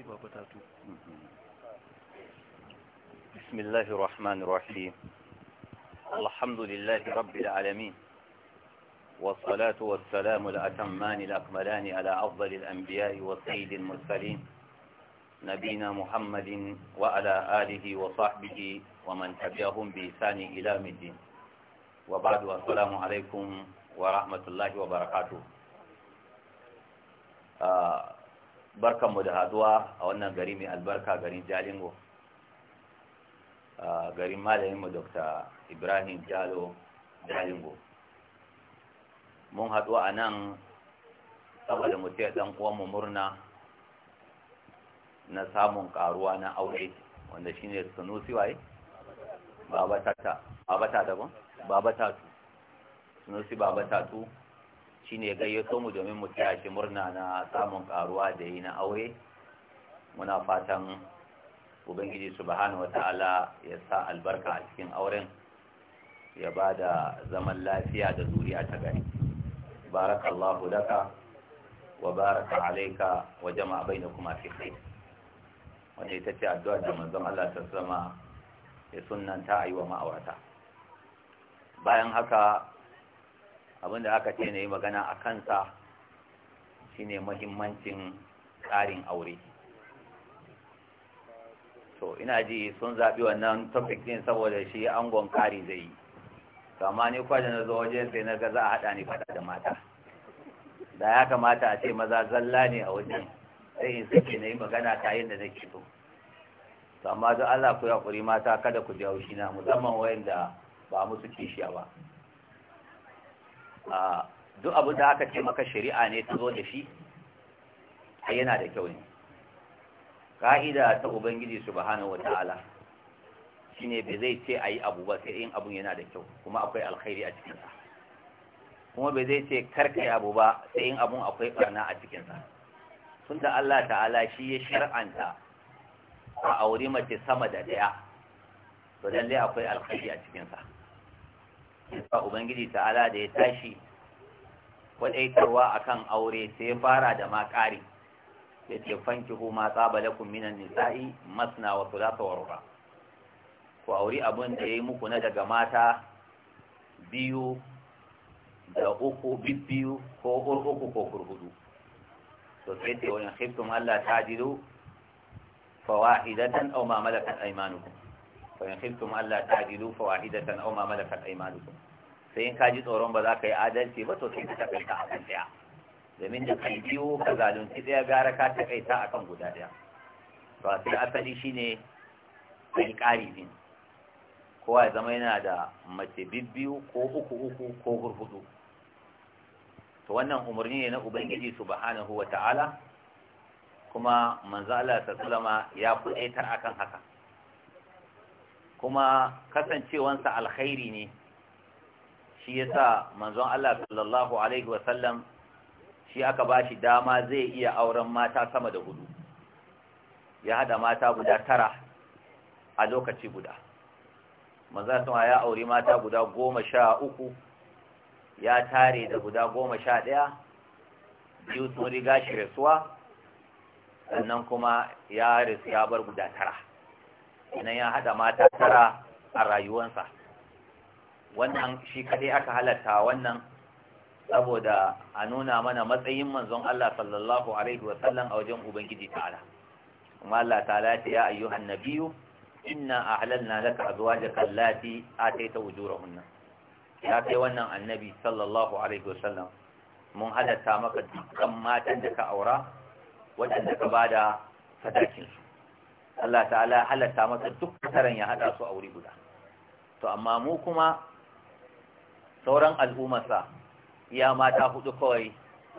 المصيبة بتاتو بسم الله الرحمن الرحيم الحمد لله رب العالمين والصلاة والسلام الأتمان الأكملان على أفضل الأنبياء والسيد المرسلين نبينا محمد وعلى آله وصحبه ومن تبعهم بإحسان إلى الدين وبعد السلام عليكم ورحمة الله وبركاته آه barkanmu da haduwa a wannan gari mai albarka garin jalingo ah, garin malaminmu dr ibrahim jalo jalingo mun haɗu a nan saboda mu dan ɗan mu murna na samun karuwa na aure wanda shine sunusi waye babatata babata daban babatatu sunusi babatatu shine gayyato mu domin mu taya murna na samun karuwa da yi na aure muna fatan ubangiji subhanahu wataala ya sa albarka a cikin auren ya ba da zaman lafiya da zuriya ta gari barakallahu laka wa baraka alayka wa jama'a kuma fi khair wanda ita ce addu'a da manzon Allah ta sama ya sunnanta ayi wa ma'aurata bayan haka da aka ce na yi magana a kansa shine mahimmancin tsarin aure to ina ji sun zaɓi wannan topic ɗin saboda shi angon ƙari zai yi kama ni kwada na zo waje sai na ga za a haɗa ni faɗa da mata da ya kamata a ce maza zalla ne a wajen sai in suke na yi magana ta yin da na kito to amma don allah ku yaƙuri mata kada ku ji haushi na musamman wayan da ba musu kishiya ba duk abin da aka ce maka shari'a ne ta zo da shi a yana da kyau ne ƙa'ida ta ubangiji bahana wata'ala shi shine bai zai ce a yi abu ba sai yin abun yana da kyau kuma akwai alkhairi a cikinsa kuma bai zai ce karka yi abu ba sai yin abun akwai barna a cikinsa tun da Allah ta'ala shi ya shar'anta a auri mace sama da ɗaya to lallai akwai alkhairi a cikinsa yasa ubangiji ta'ala da ya tashi kwadaitarwa akan aure sai ya fara da ma ƙari ya ce ko ma tsaba lakum minan nisa'i masna wa thulatha wa ruba ku auri abin da yayi muku na daga mata biyu da uku bibbiyu ko uku ko kurhudu to sai ce wa in khiftum alla ta'dilu fawahidatan aw ma malakat aymanukum fa in khiftum alla ta'dilu fa wahidatan aw ma malakat aymanukum sai in ka ji tsoron ba za ka yi adalci ba to sai ka takaita a kan daya domin da kai biyu ka zalunci daya gara ka takaita a kan guda daya to sai asali shine kai kari din kowa ya zama yana da mace bibbiyu ko uku uku ko hurhudu to wannan umarni ne na ubangiji subhanahu wata'ala kuma manzo Allah sallama ya kuɗaitar akan haka kuma kasancewansa alkhairi ne shi yasa manzon Allah sallallahu alaihi wasallam shi aka bashi dama zai iya auren mata sama da hudu ya hada mata guda tara a lokaci guda manzon sama ya auri mata guda goma sha uku ya tare da guda goma sha ɗaya biyu sun riga shi rasuwa sannan kuma ya rasu ya bar guda tara kenan ya haɗa mata tara a rayuwansa wannan shi kaɗai aka halatta wannan saboda a nuna mana matsayin manzon Allah sallallahu alaihi wasallam a wajen ubangiji ta'ala kuma Allah ta'ala ce ya ayyuhan nabiyyu inna ahlalna laka azwajaka allati ataita ujurahunna ya kai wannan annabi sallallahu alaihi wasallam mun halatta maka dukkan matan da ka aura waɗanda ka bada su. Allah ta'ala halatta masa duk taron ya hada su a wuri guda to amma mu kuma sauran al'ummarsa iya mata hudu kawai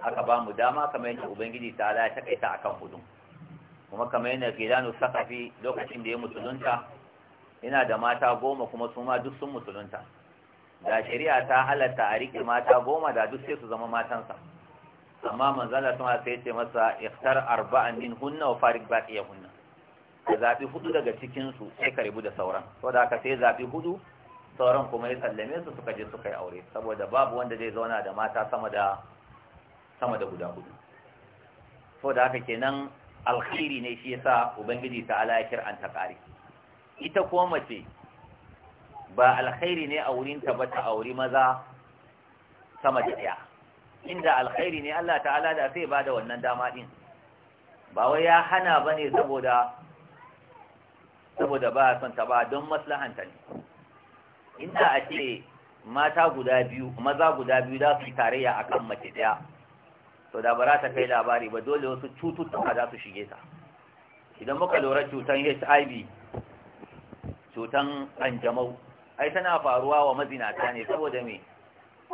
aka ba mu dama kamar yadda ubangiji ta'ala ya takaita akan hudun kuma kamar yadda gidanu sakafi lokacin da ya musulunta yana da mata goma kuma su ma duk sun musulunta da shari'a ta halatta a rike mata goma da duk sai su zama matansa amma manzala suna sai ce masa ikhtar arba'an min hunna wa farik baqiya hunna a zaɓi hudu daga cikinsu sai ka rabu da sauran so da haka sai zaɓi hudu sauran kuma ya sallame su suka je suka yi aure saboda babu wanda zai zauna da mata sama da sama da guda hudu so da haka kenan alkhairi ne shi yasa ubangiji ta ala ya kiranta kare ita ko mace ba alkhairi ne a ta ba ta auri maza sama da ɗaya inda alkhairi ne Allah ta'ala da sai ba da wannan dama din. ba wai ya hana bane saboda saboda ba a son ta ba don maslahanta ne inda a ce mata guda biyu maza guda biyu za su yi tarayya akan mace daya to da ba ta kai labari ba dole wasu cututtuka za su shige ta idan muka lura cutan HIV cutan anjamau, ai tana faruwa wa mazinata ne saboda me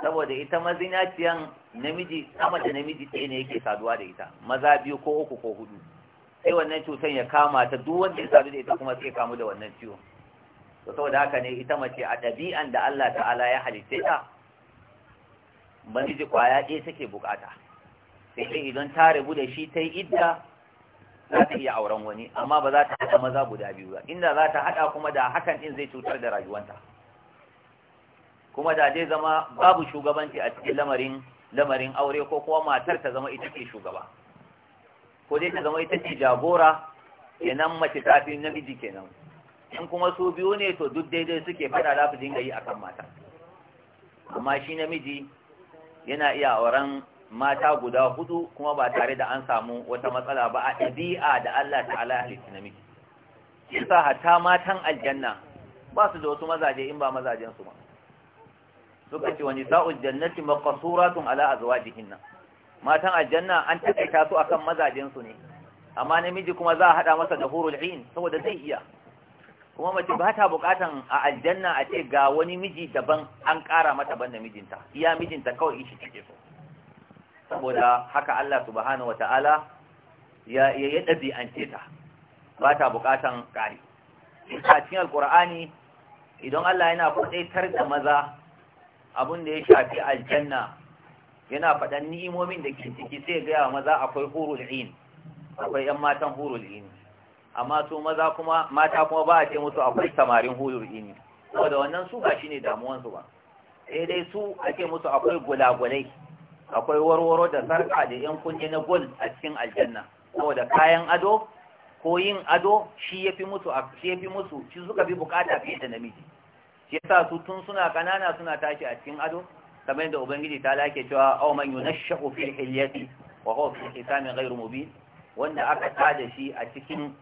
saboda ita mazinaciyan namiji sama da namiji ɗaya ne yake saduwa da ita maza biyu ko uku ko hudu sai wannan cutar ya kama ta duk wanda ya sadu da ita kuma sai kamu da wannan ciwo. to saboda haka ne ita mace a dabi'an da Allah ta'ala ya halitta ta manji kwaya ɗaya take bukata sai dai idan ta rabu da shi ta yi idda za ta iya auren wani amma ba za ta haɗa maza guda biyu ba inda za ta haɗa kuma da hakan ɗin zai cutar da rayuwanta kuma da zai zama babu shugabanci a cikin lamarin lamarin aure ko kuma matar ta zama ita ke shugaba ko dai ta zama ita ce jagora kenan mace ta fi namiji kenan in kuma su biyu ne to duk daidai suke fada za su dinga yi akan mata amma shi namiji yana iya auren mata guda hudu kuma ba tare da an samu wata matsala ba a ɗabi'a da Allah ta'ala halitta namiji yasa hatta matan aljanna ba su da wasu mazaje in ba mazajen su ba suka ce wani sa'ul jannati maqsuratun ala azwajihinna matan aljanna an takaita su akan mazajin su ne amma namiji kuma za a hada masa da hurul ain saboda zai iya kuma mace ba ta bukatan a aljanna a ce ga wani miji daban an kara mata banda mijinta iya mijinta kawai shi take so saboda haka Allah subhanahu wataala ya ya dabi'ance ta ba ta bukatan kari a cikin alkur'ani idan Allah yana kudaitar da maza abin da ya shafi aljanna yana faɗan ni'imomin da ke ciki sai gaya maza akwai hurul in akwai yan matan hurul amma su maza kuma mata kuma ba a ce musu akwai samarin hurul in saboda wannan su ba ne damuwan su ba sai dai su ake musu akwai gulagulai akwai warwaro da sarka da yan kunne na gol a cikin aljanna saboda kayan ado ko yin ado shi yafi musu shi yafi musu shi suka bi bukata fiye da namiji shi yasa su tun suna kanana suna tashi a cikin ado kamar yadda ubangiji ta lake cewa aw man yunashshu fil hilyati wa huwa fi hisami ghayr mubin wanda aka tada shi a cikin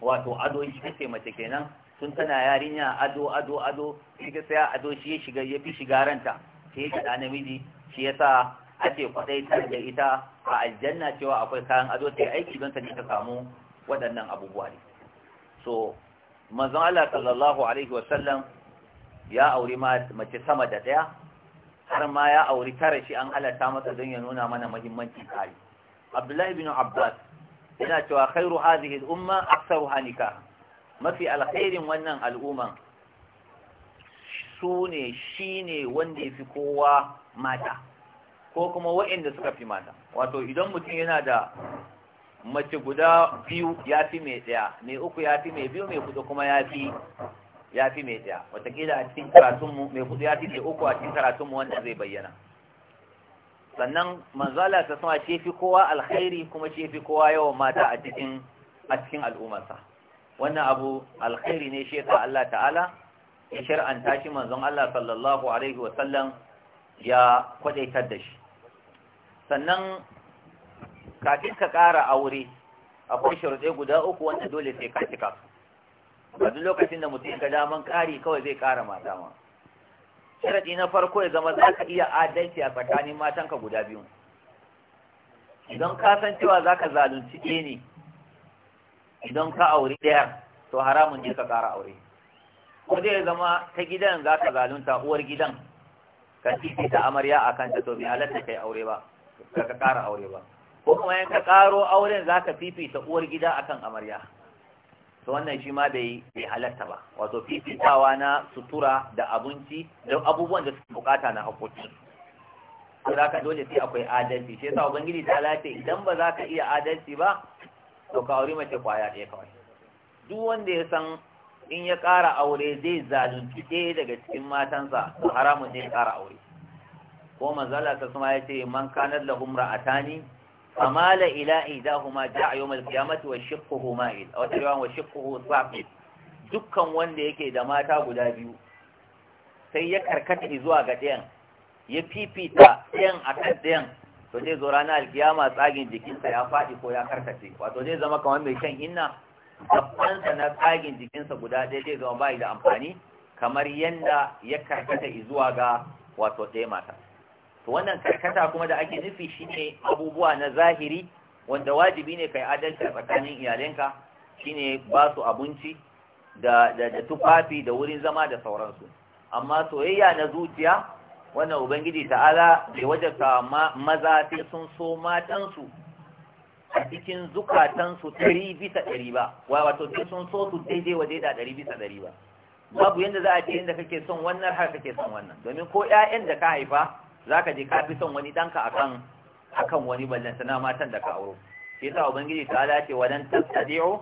wato ado shi kace mace kenan tun tana yarinya ado ado ado shi ka saya ado shi ya shiga ya fi shiga ranta sai ya kada namiji shi yasa ake ta da ita a aljanna cewa akwai kayan ado sai aiki don ta ta samu waɗannan abubuwa ne so manzon Allah sallallahu alaihi wasallam ya aure mace sama da ɗaya har ma ya auri tara shi an halatta masa don ya nuna mana mahimmanci kare. abdullahi bin abbas yana cewa khairu hadhihi al-umma aktharu hanika mafi alkhairin wannan al'umma su ne shi ne wanda ya kowa mata ko kuma wa'inda suka fi mata wato idan mutum yana da mace guda biyu ya fi mai ɗaya mai uku ya fi mai biyu mai hudu kuma ya fi ya fi mai ɗaya watakila a cikin karatunmu mai hudu ya fi uku a cikin karatunmu wanda zai bayyana sannan manzala ta sama ce fi kowa alkhairi kuma ce fi kowa yawan mata a cikin a cikin al'ummarsa wannan abu alkhairi ne shi Allah ta'ala ya shar'anta shi manzon Allah sallallahu alaihi wa sallam ya kwadaitar da shi sannan kafin ka ƙara aure akwai sharuɗe guda uku wanda dole sai ka cika a duk lokacin da mutum ga daman ƙari kawai zai ƙara mata ma sharaɗi na farko ya zama za ka iya adalci a tsakanin matanka guda biyu idan ka san cewa za ka zalunci ɗaya ne idan ka auri ɗaya to haramun ne ka ƙara aure ko zai zama ta gidan za ka zalunta uwar gidan ka titi ta amarya a kanta to bai halatta kai aure ba ka ƙara aure ba ko kuma yanka ƙaro auren za ka fifita uwar gida akan amarya to wannan shi ma bai halatta ba wato fifitawa na sutura da abinci da abubuwan da suke bukata na haƙoƙin su za ka dole sai akwai adalci shi yasa ubangiji ta lafiya idan ba za ka iya adalci ba to ka aure mace kwaya ɗaya kawai duk wanda ya san in ya ƙara aure zai zalunci ɗaya daga cikin matansa to haramun ne ya ƙara aure ko manzala ta suma ya ce man kanar a tani? فمال إلى إيداهما جاء يوم القيامة وشقه مائل أو تريوان وشقه صافي دكا وان yake da mata guda biyu sai ya karkata zuwa ga ɗayan ya fifita ɗayan a kan ɗayan to zai zo ranar alkiyama tsagin jikinsa ya fadi ko ya karkace wato zai zama kamar mai shan inna gabansa na tsagin jikinsa guda ɗaya zai zama bai da amfani kamar yanda ya karkata zuwa ga wato ɗaya mata to wannan karkata kuma da ake nufi shine abubuwa na zahiri wanda wajibi ne kai adalci a tsakanin iyalanka shine ba su abinci da tufafi da wurin zama da sauransu amma soyayya na zuciya wannan ubangiji ta'ala bai wajarta maza sai sun so matansu a cikin zukatansu ɗari bisa ɗari ba wato sai sun so su daidai waje da ɗari bisa ɗari ba babu yadda za a ce yadda kake son wannan har kake son wannan domin ko 'ya'yan da ka haifa Za ka je ka fi son wani ɗanka akan kan wani ballan sana matan da ka auro shi yasa ubangiji ta ala ce walan tastadi'u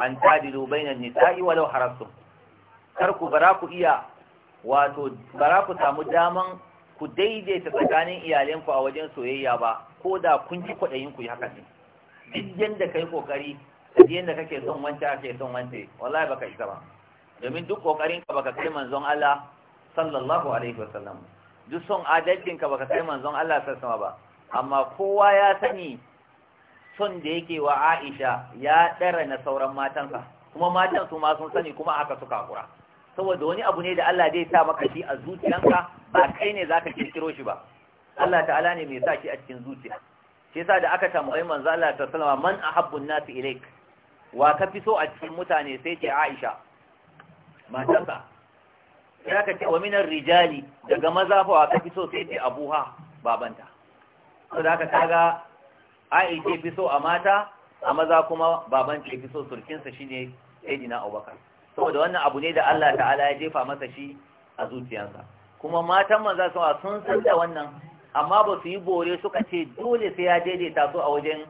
an tadilu bainan nisa'i walau harassu. kar ku bara ku iya wato bara ku samu daman ku daidaita tsakanin iyalanku a wajen soyayya ba ko da kun ji kwaɗayin ku yi haka ne duk yadda kai kokari da yadda kake son wance ke son wance wallahi baka isa ba domin duk kokarin ka baka kai manzon Allah sallallahu alaihi wasallam duk son adalcin adalcinka baka sai manzon Allah sassama ba amma kowa ya sani son da yake wa Aisha ya ɗara na sauran matansa kuma matan su ma sun sani kuma haka suka kura. saboda wani abu ne da Allah zai sa maka shi a zuciyanka ba kai ne zaka kirkiro shi ba Allah ta'ala ne mai sa a cikin zuciya shi yasa da aka tambayi manzon Allah ta sallama man ahabbun nasu ilaik wa kafi so a cikin mutane sai ce Aisha matansa ya ka ce wa minar rijali daga maza fa wa kafi so sai ce abuha babanta so da kaga ai ce fi so a mata a maza kuma baban ce fi so sa shine sayyidina Abubakar saboda wannan abu ne da Allah ta'ala ya jefa masa shi a zuciyarsa kuma matan maza sun san da wannan amma ba su yi bore suka ce dole sai ya daidaita su a wajen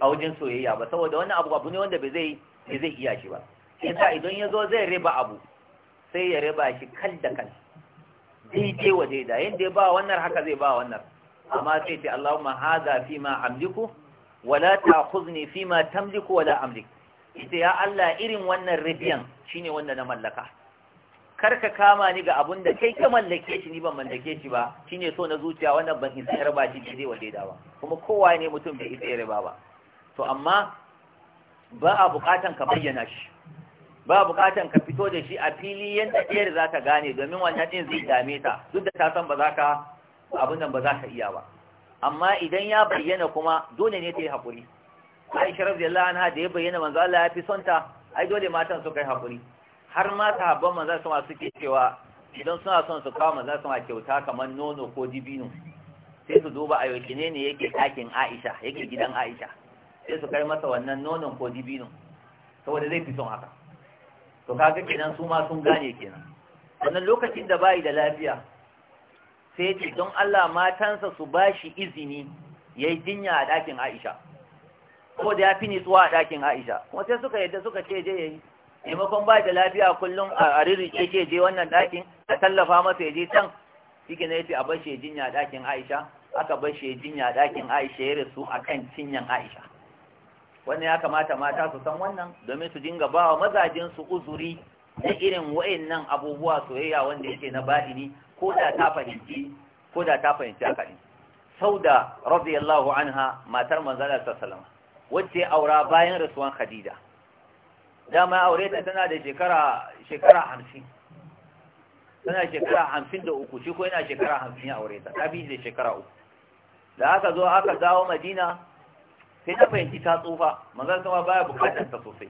a wajen soyayya ba saboda wannan abu abu ne wanda bai zai zai iya shi ba sai idan ya zo zai riba abu sai ya riba shi kal da kal daidai wa daida da ya ba wannan haka zai ba wannan amma sai ce Allahumma hadha fi ma amliku wala ta'khuzni fi ma tamliku wala amlik ita ya Allah irin wannan ribiyan shine wanda na mallaka kar ka kama ni ga abunda da kai ka mallake shi ni ban mallake shi ba shine so na zuciya wannan ban isa riba shi daidai wa daida ba kuma kowa ne mutum bai isa riba ba to amma ba a bukatan ka bayyana shi ba bukatan ka fito da shi a fili yadda ɗayar za ta gane domin wannan ɗin zai dame ta duk da ta san ba za ka abin nan ba za ka iya ba amma idan ya bayyana kuma dole ne ta yi haƙuri aisha radiyallahu anha da ya bayyana manzo Allah ya fi son ta ai dole matan su kai haƙuri har ma sahabban manzo sama suke cewa idan suna son su kawo manzo sama kyauta kamar nono ko dibino sai su duba a yauki ne ne yake ɗakin Aisha yake gidan Aisha sai su kai masa wannan nonon ko dibino saboda zai fi son haka to kaga kenan su ma sun gane kenan wannan lokacin da bai da lafiya sai ce don Allah matansa su bashi izini yayi jinya a dakin Aisha ko da ya fi nitsuwa a dakin Aisha kuma sai suka yadda suka ce je yayi ba da lafiya kullum a ke ce je wannan dakin a tallafa masa ya je can shike ne yace a bar shi jinya a dakin Aisha aka bar shi jinya a dakin Aisha ya rasu akan cinyan Aisha wannan ya kamata mata su san wannan domin su dinga ba wa su uzuri na irin wa'annan abubuwa soyayya wanda yake na ba'ini ko da ta fahimci ko da ta fahimci haka ne sauda radiyallahu anha matar manzala sallama wacce aura bayan rasuwan khadija dama aure ta tana da shekara shekara 50 tana shekara uku shi ko yana shekara hamsin aure ta ta bi da shekara uku da aka zo aka dawo madina sai ta fahimci ta tsufa manzala sama baya bukatar ta sosai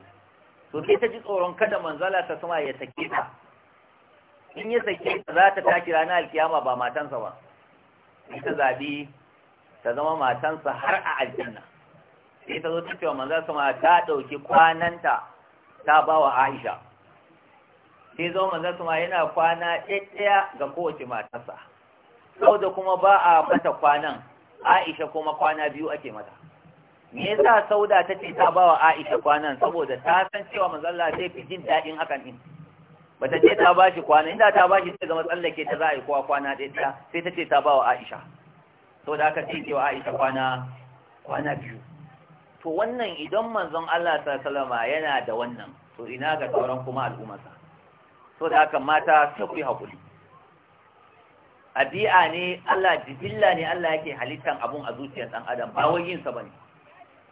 to sai ta ji tsoron kada manzala ta sama ya sake ta in ya sake ta za ta tashi ranar alkiyama ba matansa ba Sai ta zabi ta zama matansa har a aljanna sai ta zo ta cewa manzala sama ta ɗauki kwananta ta ba wa aisha sai zo manzala sama yana kwana ɗaya ga kowace matarsa sau da kuma ba a mata kwanan aisha kuma kwana biyu ake mata me yasa sauda ta ce ta bawa Aisha kwanan saboda ta san cewa manzalla zai fi jin daɗin hakan din bata ce ta bashi kwanan inda ta bashi sai ga matsallake ta za a yi kowa kwana ɗaya ta sai ta ce ta bawa Aisha saboda haka ce cewa Aisha kwana kwana biyu to wannan idan manzon Allah sallallahu alaihi yana da wannan to ina ga sauran kuma al'ummarsa saboda haka mata sai ku yi hakuri abi'a ne Allah jibilla ne Allah yake halittan abun a zuciyar dan adam ba wai yin sa bane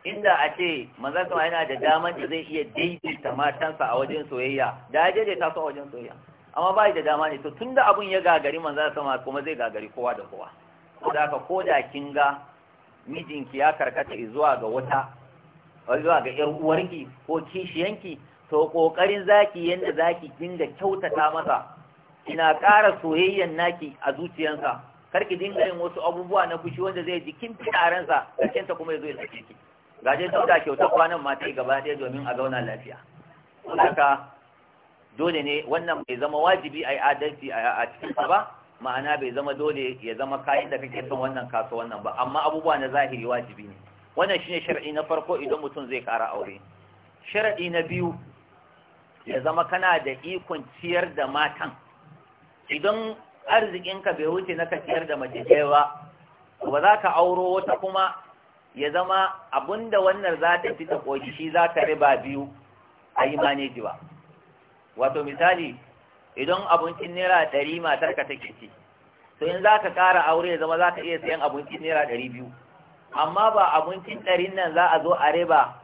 inda a ce manzan sama yana da daman da zai iya daidaita matansa a wajen soyayya da ya daidaita su a wajen soyayya amma ba da dama ne to tunda abin ya gagari manzan sama kuma zai gagari kowa da kowa ko da ka ko da kin ga mijinki ya karkata zuwa ga wata zuwa ga yar uwarki ko kishiyanki to kokarin zaki yanda zaki dinga kyautata masa kina ƙara soyayyan naki a zuciyansa kar ki dinga yin wasu abubuwa na fushi wanda zai ji kin fi ransa karshen ta kuma ya sake ki gaje dauda kyauta kwanan mata yi gaba ɗaya domin a zauna lafiya haka dole ne wannan bai zama wajibi a yi adalci a cikin ba ma'ana bai zama dole ya zama kayan da kake son wannan kaso wannan ba amma abubuwa na zahiri wajibi ne wannan shine shar'i na farko idan mutum zai kara aure shar'i na biyu ya zama kana da ikon ciyar da matan idan arzikinka bai wuce na ka ciyar da mace ba ba za ka auro wata kuma ya zama da wannan za ta fi ta shi za ta riba biyu a yi maneji ba wato misali idan abincin naira ɗari matar ka take ci to in za ka ƙara aure ya zama za ka iya sayan abincin naira ɗari biyu amma ba abincin ɗarin nan za a zo a riba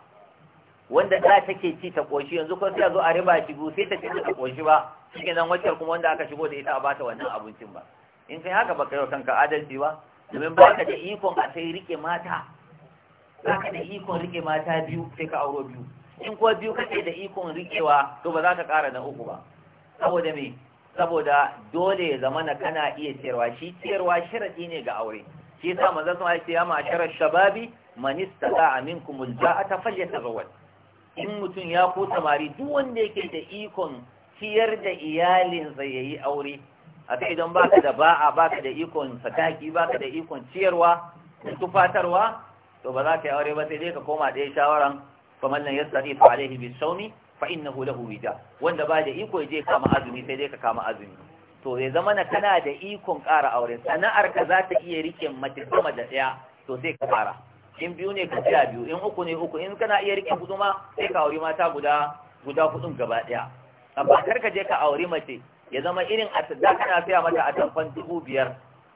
wanda ɗa take ci ta ƙoshi yanzu ko sai a zo a riba shi biyu sai ta ci ta ƙoshi ba shi nan wacce kuma wanda aka shigo da ita a ta wannan abincin ba in kai haka ba kai kanka adalci ba domin ba ka da ikon a sai rike mata zaka da ikon rike mata biyu sai ka auro biyu in ko biyu kake da ikon rikewa to ba za ka kara na uku ba saboda me saboda dole ya zamana kana iya ciyarwa shi ciyarwa sharadi ne ga aure shi yasa manzo sun ce ya ma sharar shababi man istata'a minkum alja'ata falyatazawwaj in mutum ya ko samari duk wanda yake da ikon ciyar da iyalin sa yayi aure a sai idan baka da ba'a baka da ikon sataki baka da ikon ciyarwa tufatarwa to ba za ka yi aure ba sai dai ka koma ɗaya shawaran kamar nan yastari fa alaihi bi sauni fa innahu lahu wija wanda ba da iko ya je kama azumi sai dai ka kama azumi to ya zama na kana da ikon ƙara aure sana'ar ka za ta iya rike mace sama da ɗaya to sai ka fara. in biyu ne ka tsaya biyu in uku ne uku in kana iya rike hudu ma sai ka aure mata guda guda hudun gaba ɗaya amma kar ka je ka aure mace ya zama irin a da kana saya mata a tamfan dubu biyar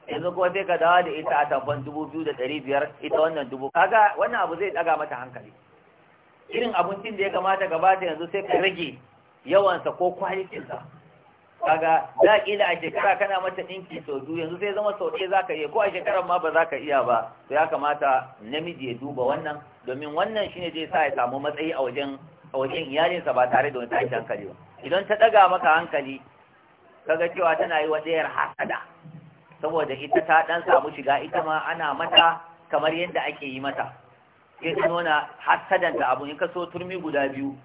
yanzu kuma sai ka dawo da ita a tamfan dubu biyu da ɗari biyar ita wannan dubu kaga wannan abu zai ɗaga mata hankali irin abincin da ya kamata gabata yanzu sai ka rage yawansa ko kwalitinsa kaga za ila a shekara kana mata ɗinki sau biyu yanzu sai zama sau ɗaya za ka iya ko a shekarar ma ba za ka iya ba to ya kamata namiji ya duba wannan domin wannan shine zai sa ya samu matsayi a wajen a wajen iyalinsa ba tare da wani tashi hankali ba idan ta ɗaga maka hankali kaga cewa tana yi wa ɗayar hasada saboda ita ta ɗan samu shiga ita ma ana mata kamar yadda ake yi mata sai ta nuna hasadanta abu in ka so turmi guda biyu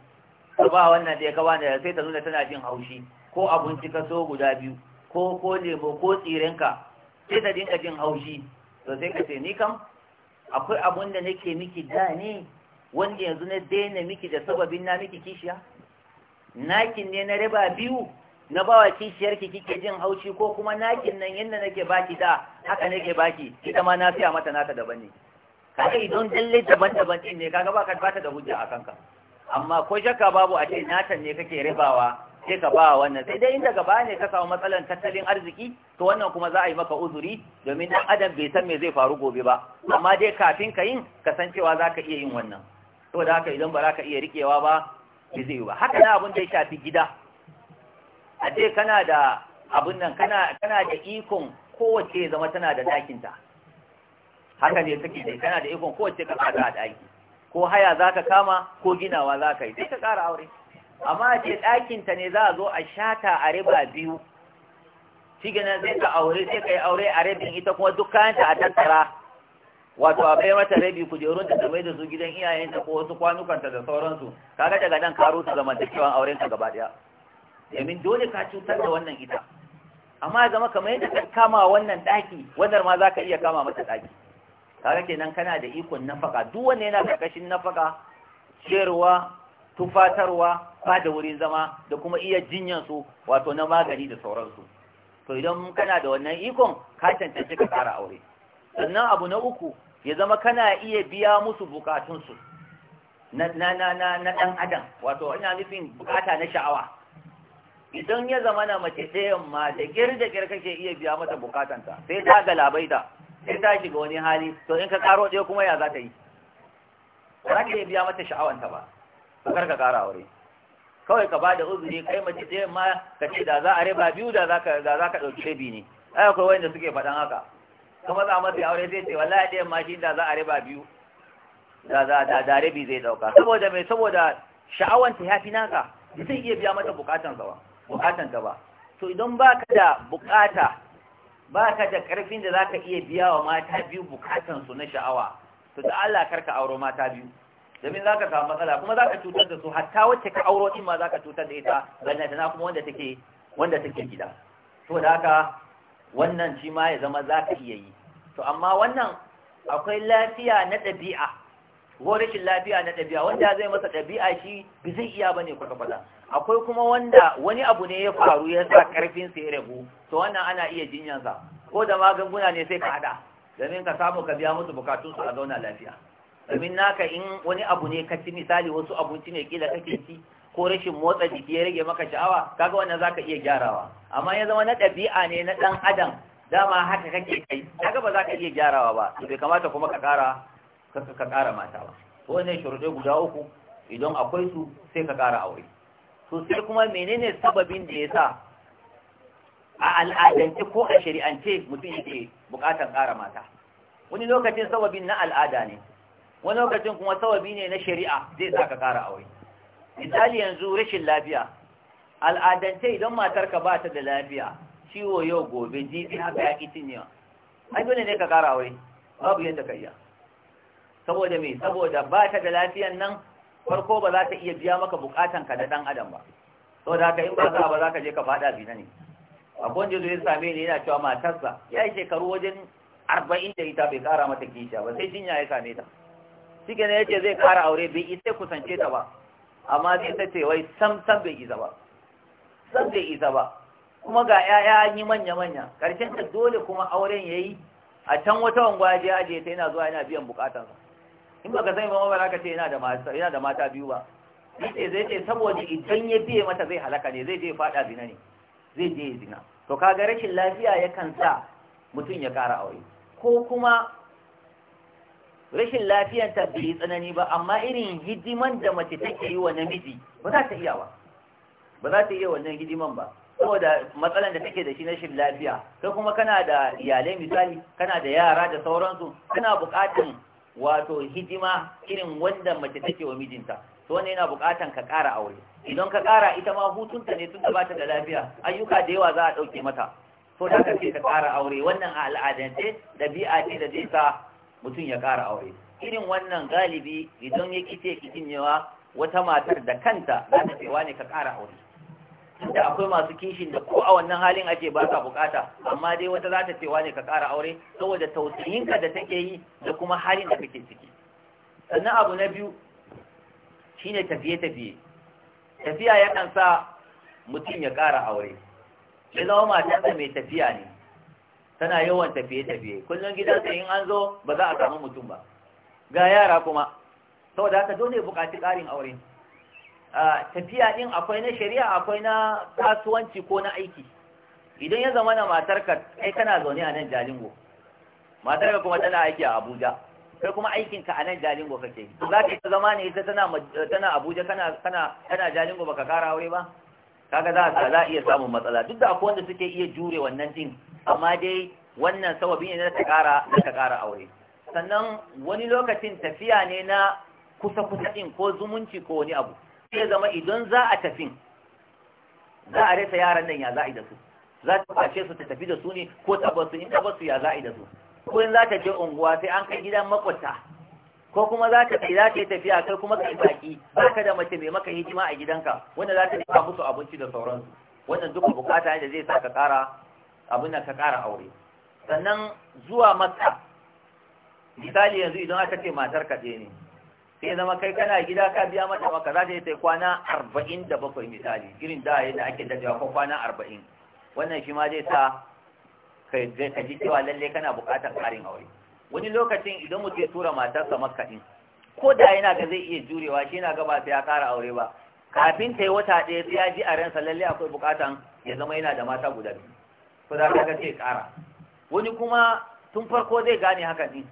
ta ba wannan da ya kawo da sai ta nuna tana jin haushi ko abinci ka so guda biyu ko ko lemo ko tsirenka sai ta dinka jin haushi to sai ka ce ni kam akwai abun da nake miki da ne wanda yanzu na daina miki da sababin na miki kishiya nakin ne na raba biyu na bawa kishiyarki kike jin haushi ko kuma nakin nan yanda nake baki da haka nake baki ita ma na siya mata naka daban ne kaga idan dalle daban-daban din ne kaga baka bata da hujja a kanka amma ko shakka babu a ce natan ne kake ribawa sai ka ba wannan sai dai inda gaba ne ka samu matsalan tattalin arziki to wannan kuma za a yi maka uzuri domin dan adam bai san me zai faru gobe ba amma dai kafin ka yin ka san cewa za ka iya yin wannan saboda haka idan ba za ka iya rikewa ba bai zai yi ba haka na abin da ya shafi gida a ce kana da abin nan kana da ikon kowace zama tana da ɗakinta haka ne suke dai kana da ikon kowace ka kada a ɗaki ko haya za ka kama ko ginawa za ka yi sai ka ƙara aure amma ce ɗakinta ne za a zo a shata a riba biyu shi zai sai ka aure sai ka yi aure a rabin ita kuma duk kayanta a tattara wato a bai mata rabi kujerun da tabai da su gidan iyayenta ko wasu kwanukanta da sauransu kaga daga nan karo su zama zamantakewan aurenka gaba daya yamin dole ka cutar da wannan ita amma ya zama kamar yadda ka kama wannan daki wannan ma za ka iya kama mata daki tare kenan kana da ikon nafaka duk wanda yana karkashin nafaka sherwa tufatarwa ba da wurin zama da kuma iya jinyan su wato na magani da sauransu to idan kana da wannan ikon ka cancanci ka tsara aure sannan abu na uku ya zama kana iya biya musu bukatunsu na na na dan adam wato ina nufin bukata na sha'awa idan ya zama na mace ta yamma da gir da kake iya biya mata bukatanta sai ta galabaita sai ta shiga wani hali to in ka karo ɗaya kuma ya za ta yi ba za ka iya biya mata sha'awanta ba ka kar ka kara aure kawai ka bada uzuri kai mace ta yamma ka ce da za a riba biyu da za ka da za ka ɗauki rabi ne ai akwai wanda suke faɗan haka kuma za masa aure sai ce wallahi da yamma shi da za a riba biyu da za da da rabi zai ɗauka saboda mai saboda sha'awanta ya fi naka zai iya biya mata bukatan zawa bukatan ka to idan baka da bukata baka da karfin da zaka iya biya wa mata biyu bukatan su na sha'awa to da Allah ka auro mata biyu domin zaka samu matsala kuma zaka cutar da su hatta wacce ka auro din ma zaka cutar da ita ganin ta kuma wanda take wanda take gida to da haka wannan shi ma ya zama zaka iya yi to amma wannan akwai lafiya na ɗabi'a ko rashin lafiya na ɗabi'a wanda zai masa ɗabi'a shi bi zai iya ba ne kwata-kwata akwai kuma wanda wani abu ne ya faru ya sa sa ya rabu to wannan ana iya jinyansa ko da magunguna ne sai ka haɗa domin ka samu ka biya musu bukatunsu a zauna lafiya domin naka in wani abu ne ka ci misali wasu abinci ne kila kake ci ko rashin motsa jiki ya rage maka sha'awa kaga wannan zaka iya gyarawa amma ya zama na ɗabi'a ne na ɗan adam dama haka kake kai kaga ba za ka iya gyarawa ba bai kamata kuma ka ƙara ka ƙara mata ba to wannan shuruɗe guda uku idan akwai su sai ka ƙara aure to sai kuma menene sababin da ya sa a al'adance ko a shari'ance mutum yake buƙatar ƙara mata wani lokacin sababin na al'ada ne wani lokacin kuma sababi ne na shari'a zai sa ka ƙara aure misali yanzu rashin lafiya al'adance idan matarka ba ta da lafiya ciwo yau gobe jibi haka ya ƙi cinyewa ai dole ne ka ƙara aure babu yadda ka iya saboda me saboda ba ta da lafiyan nan farko ba za ta iya biya maka bukatan ka da dan adam ba saboda haka in ba za ba za ka je ka fada zina ne akwai wanda zai same ni yana cewa matarsa ya yi shekaru wajen arba'in da ita bai kara mata kisha ba sai jinya ya same ta shi ya ce zai kara aure bai isa kusance ta ba amma zai ta ce wai sam sam bai isa ba sam bai isa ba kuma ga yaya yi manya-manya Karshen ta dole kuma auren ya yi a can wata wangwaje ya ajiye aje ta yana zuwa yana biyan bukatansa in ba ka ba ba za ka ce yana da mata biyu ba ce zai ce saboda idan ya biye mata zai halaka ne zai je fada zina ne zai je zina to kaga rashin lafiya yakan sa mutum ya kara aure ko kuma rashin lafiyar ta bai tsanani ba amma irin hidiman da mace take yi wa namiji ba za ta iya ba ba za ta iya wannan hidiman ba saboda matsalan da take da shi na lafiya kai kuma kana da iyalai misali kana da yara da sauransu kana buƙatar. wato hidima irin wanda mace take wa mijinta to wannan yana bukatan ka kara aure idan ka kara ita ma hutunta ne tunda bata da lafiya ayyuka da yawa za a ɗauke mata to da ka ka kara aure wannan a al'adance ɗabi'a ce da zai sa mutum ya kara aure irin wannan galibi idan ya kice kicinyewa wata matar da kanta za ta ce wane ka kara aure da akwai masu kishin da ko a wannan halin ake ba ka bukata amma dai wata za ta cewa ne ka ƙara aure saboda tausayinka da take yi da kuma halin da kake ciki sannan abu na biyu shine tafiye-tafiye tafiya ya kan sa mutum ya ƙara aure ya zama matarsa mai tafiya ne tana yawan tafiye-tafiye kullum gidan gidansa in an zo ba za a samu mutum ba ga yara kuma saboda haka dole buƙaci ƙarin aure tafiya din akwai na shari'a akwai na kasuwanci ko na aiki idan ya zama na matarka kai kana zaune a nan jalingo matarka kuma tana aiki a abuja kai kuma aikinka a nan jalingo kake za ka zama ne ita tana abuja kana jalingo baka kara aure ba kaga za a iya samun matsala duk da akwai wanda suke iya jure wannan din amma dai wannan sababi ne na ta na ta kara aure sannan wani lokacin tafiya ne na kusa kusa ɗin ko zumunci ko wani abu sai zama idan za a tafi za a rasa yaran nan ya za a yi da su za ta kwace su ta tafi da su ne ko ta basu in ta basu ya za a yi da su ko in za ta je unguwa sai an kai gidan makwata ko kuma za ta za ta yi tafiya kai kuma kai baki ba ka da mace mai maka hijima a gidanka wanda za ta yi musu abinci da sauransu wannan duka bukata ne da zai sa ka kara abin nan ka kara aure sannan zuwa makka misali yanzu idan aka ce matar ka ne sai zama kai kana gida ka biya mata maka za ta yi sai kwana arba'in da bakwai misali irin da da ake dadewa ko kwana arba'in wannan shi ma zai sa ka ji cewa lalle kana buƙatar ƙarin aure wani lokacin idan mutum ya tura matarsa makka din ko da yana ga zai iya jurewa shi yana ga ba sai ya kara aure ba kafin ta yi wata ɗaya sai ya ji a ransa lalle akwai buƙatan ya zama yana da mata guda biyu ko za ka ce ƙara wani kuma tun farko zai gane haka din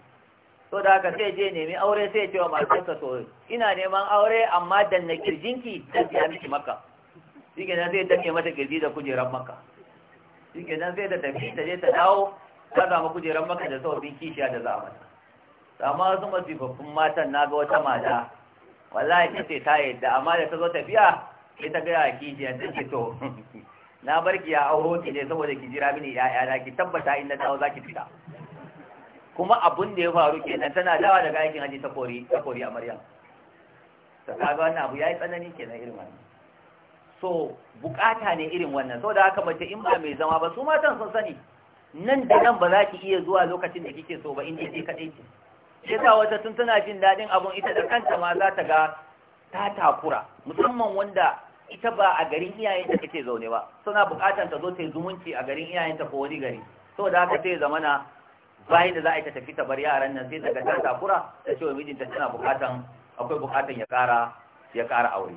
so da haka sai je nemi aure sai ce wa matarsa to ina neman aure amma dan na kirjinki dan ya miki maka shi kenan zai take mata kirji da kujeran maka shi kenan zai da tafi ta je ta dawo ta zama kujeran maka da sauƙin kishiya da za mata amma wasu masifaffun matan na ga wata mata wallahi ta ce ta yadda amma da ta zo tafiya sai ta gaya kishiya ta ce to na barki ya auro ki ne saboda ki jira mini ya'ya na ki tabbata in na dawo za ki fita kuma abun da ya faru kenan tana dawa daga aikin haji ta kori ta kori amarya ta kaga wannan abu yayi tsanani kenan irin wannan so bukata ne irin wannan da haka mace in ba mai zama ba su matan sun sani nan da nan ba za ki iya zuwa lokacin da kike so ba in je kadai ki shi Yasa wata tun tana jin daɗin abun ita da kanta ma za ta ga ta takura musamman wanda ita ba a garin iyayenta kake zaune ba suna bukatan ta zo ta yi zumunci a garin iyayenta ko wani gari saboda haka sai zamana bayan da za a yi ta tafi ta bar yaran nan sai daga ta takura ta ce wa mijinta tana bukatan akwai bukatan ya kara ya kara aure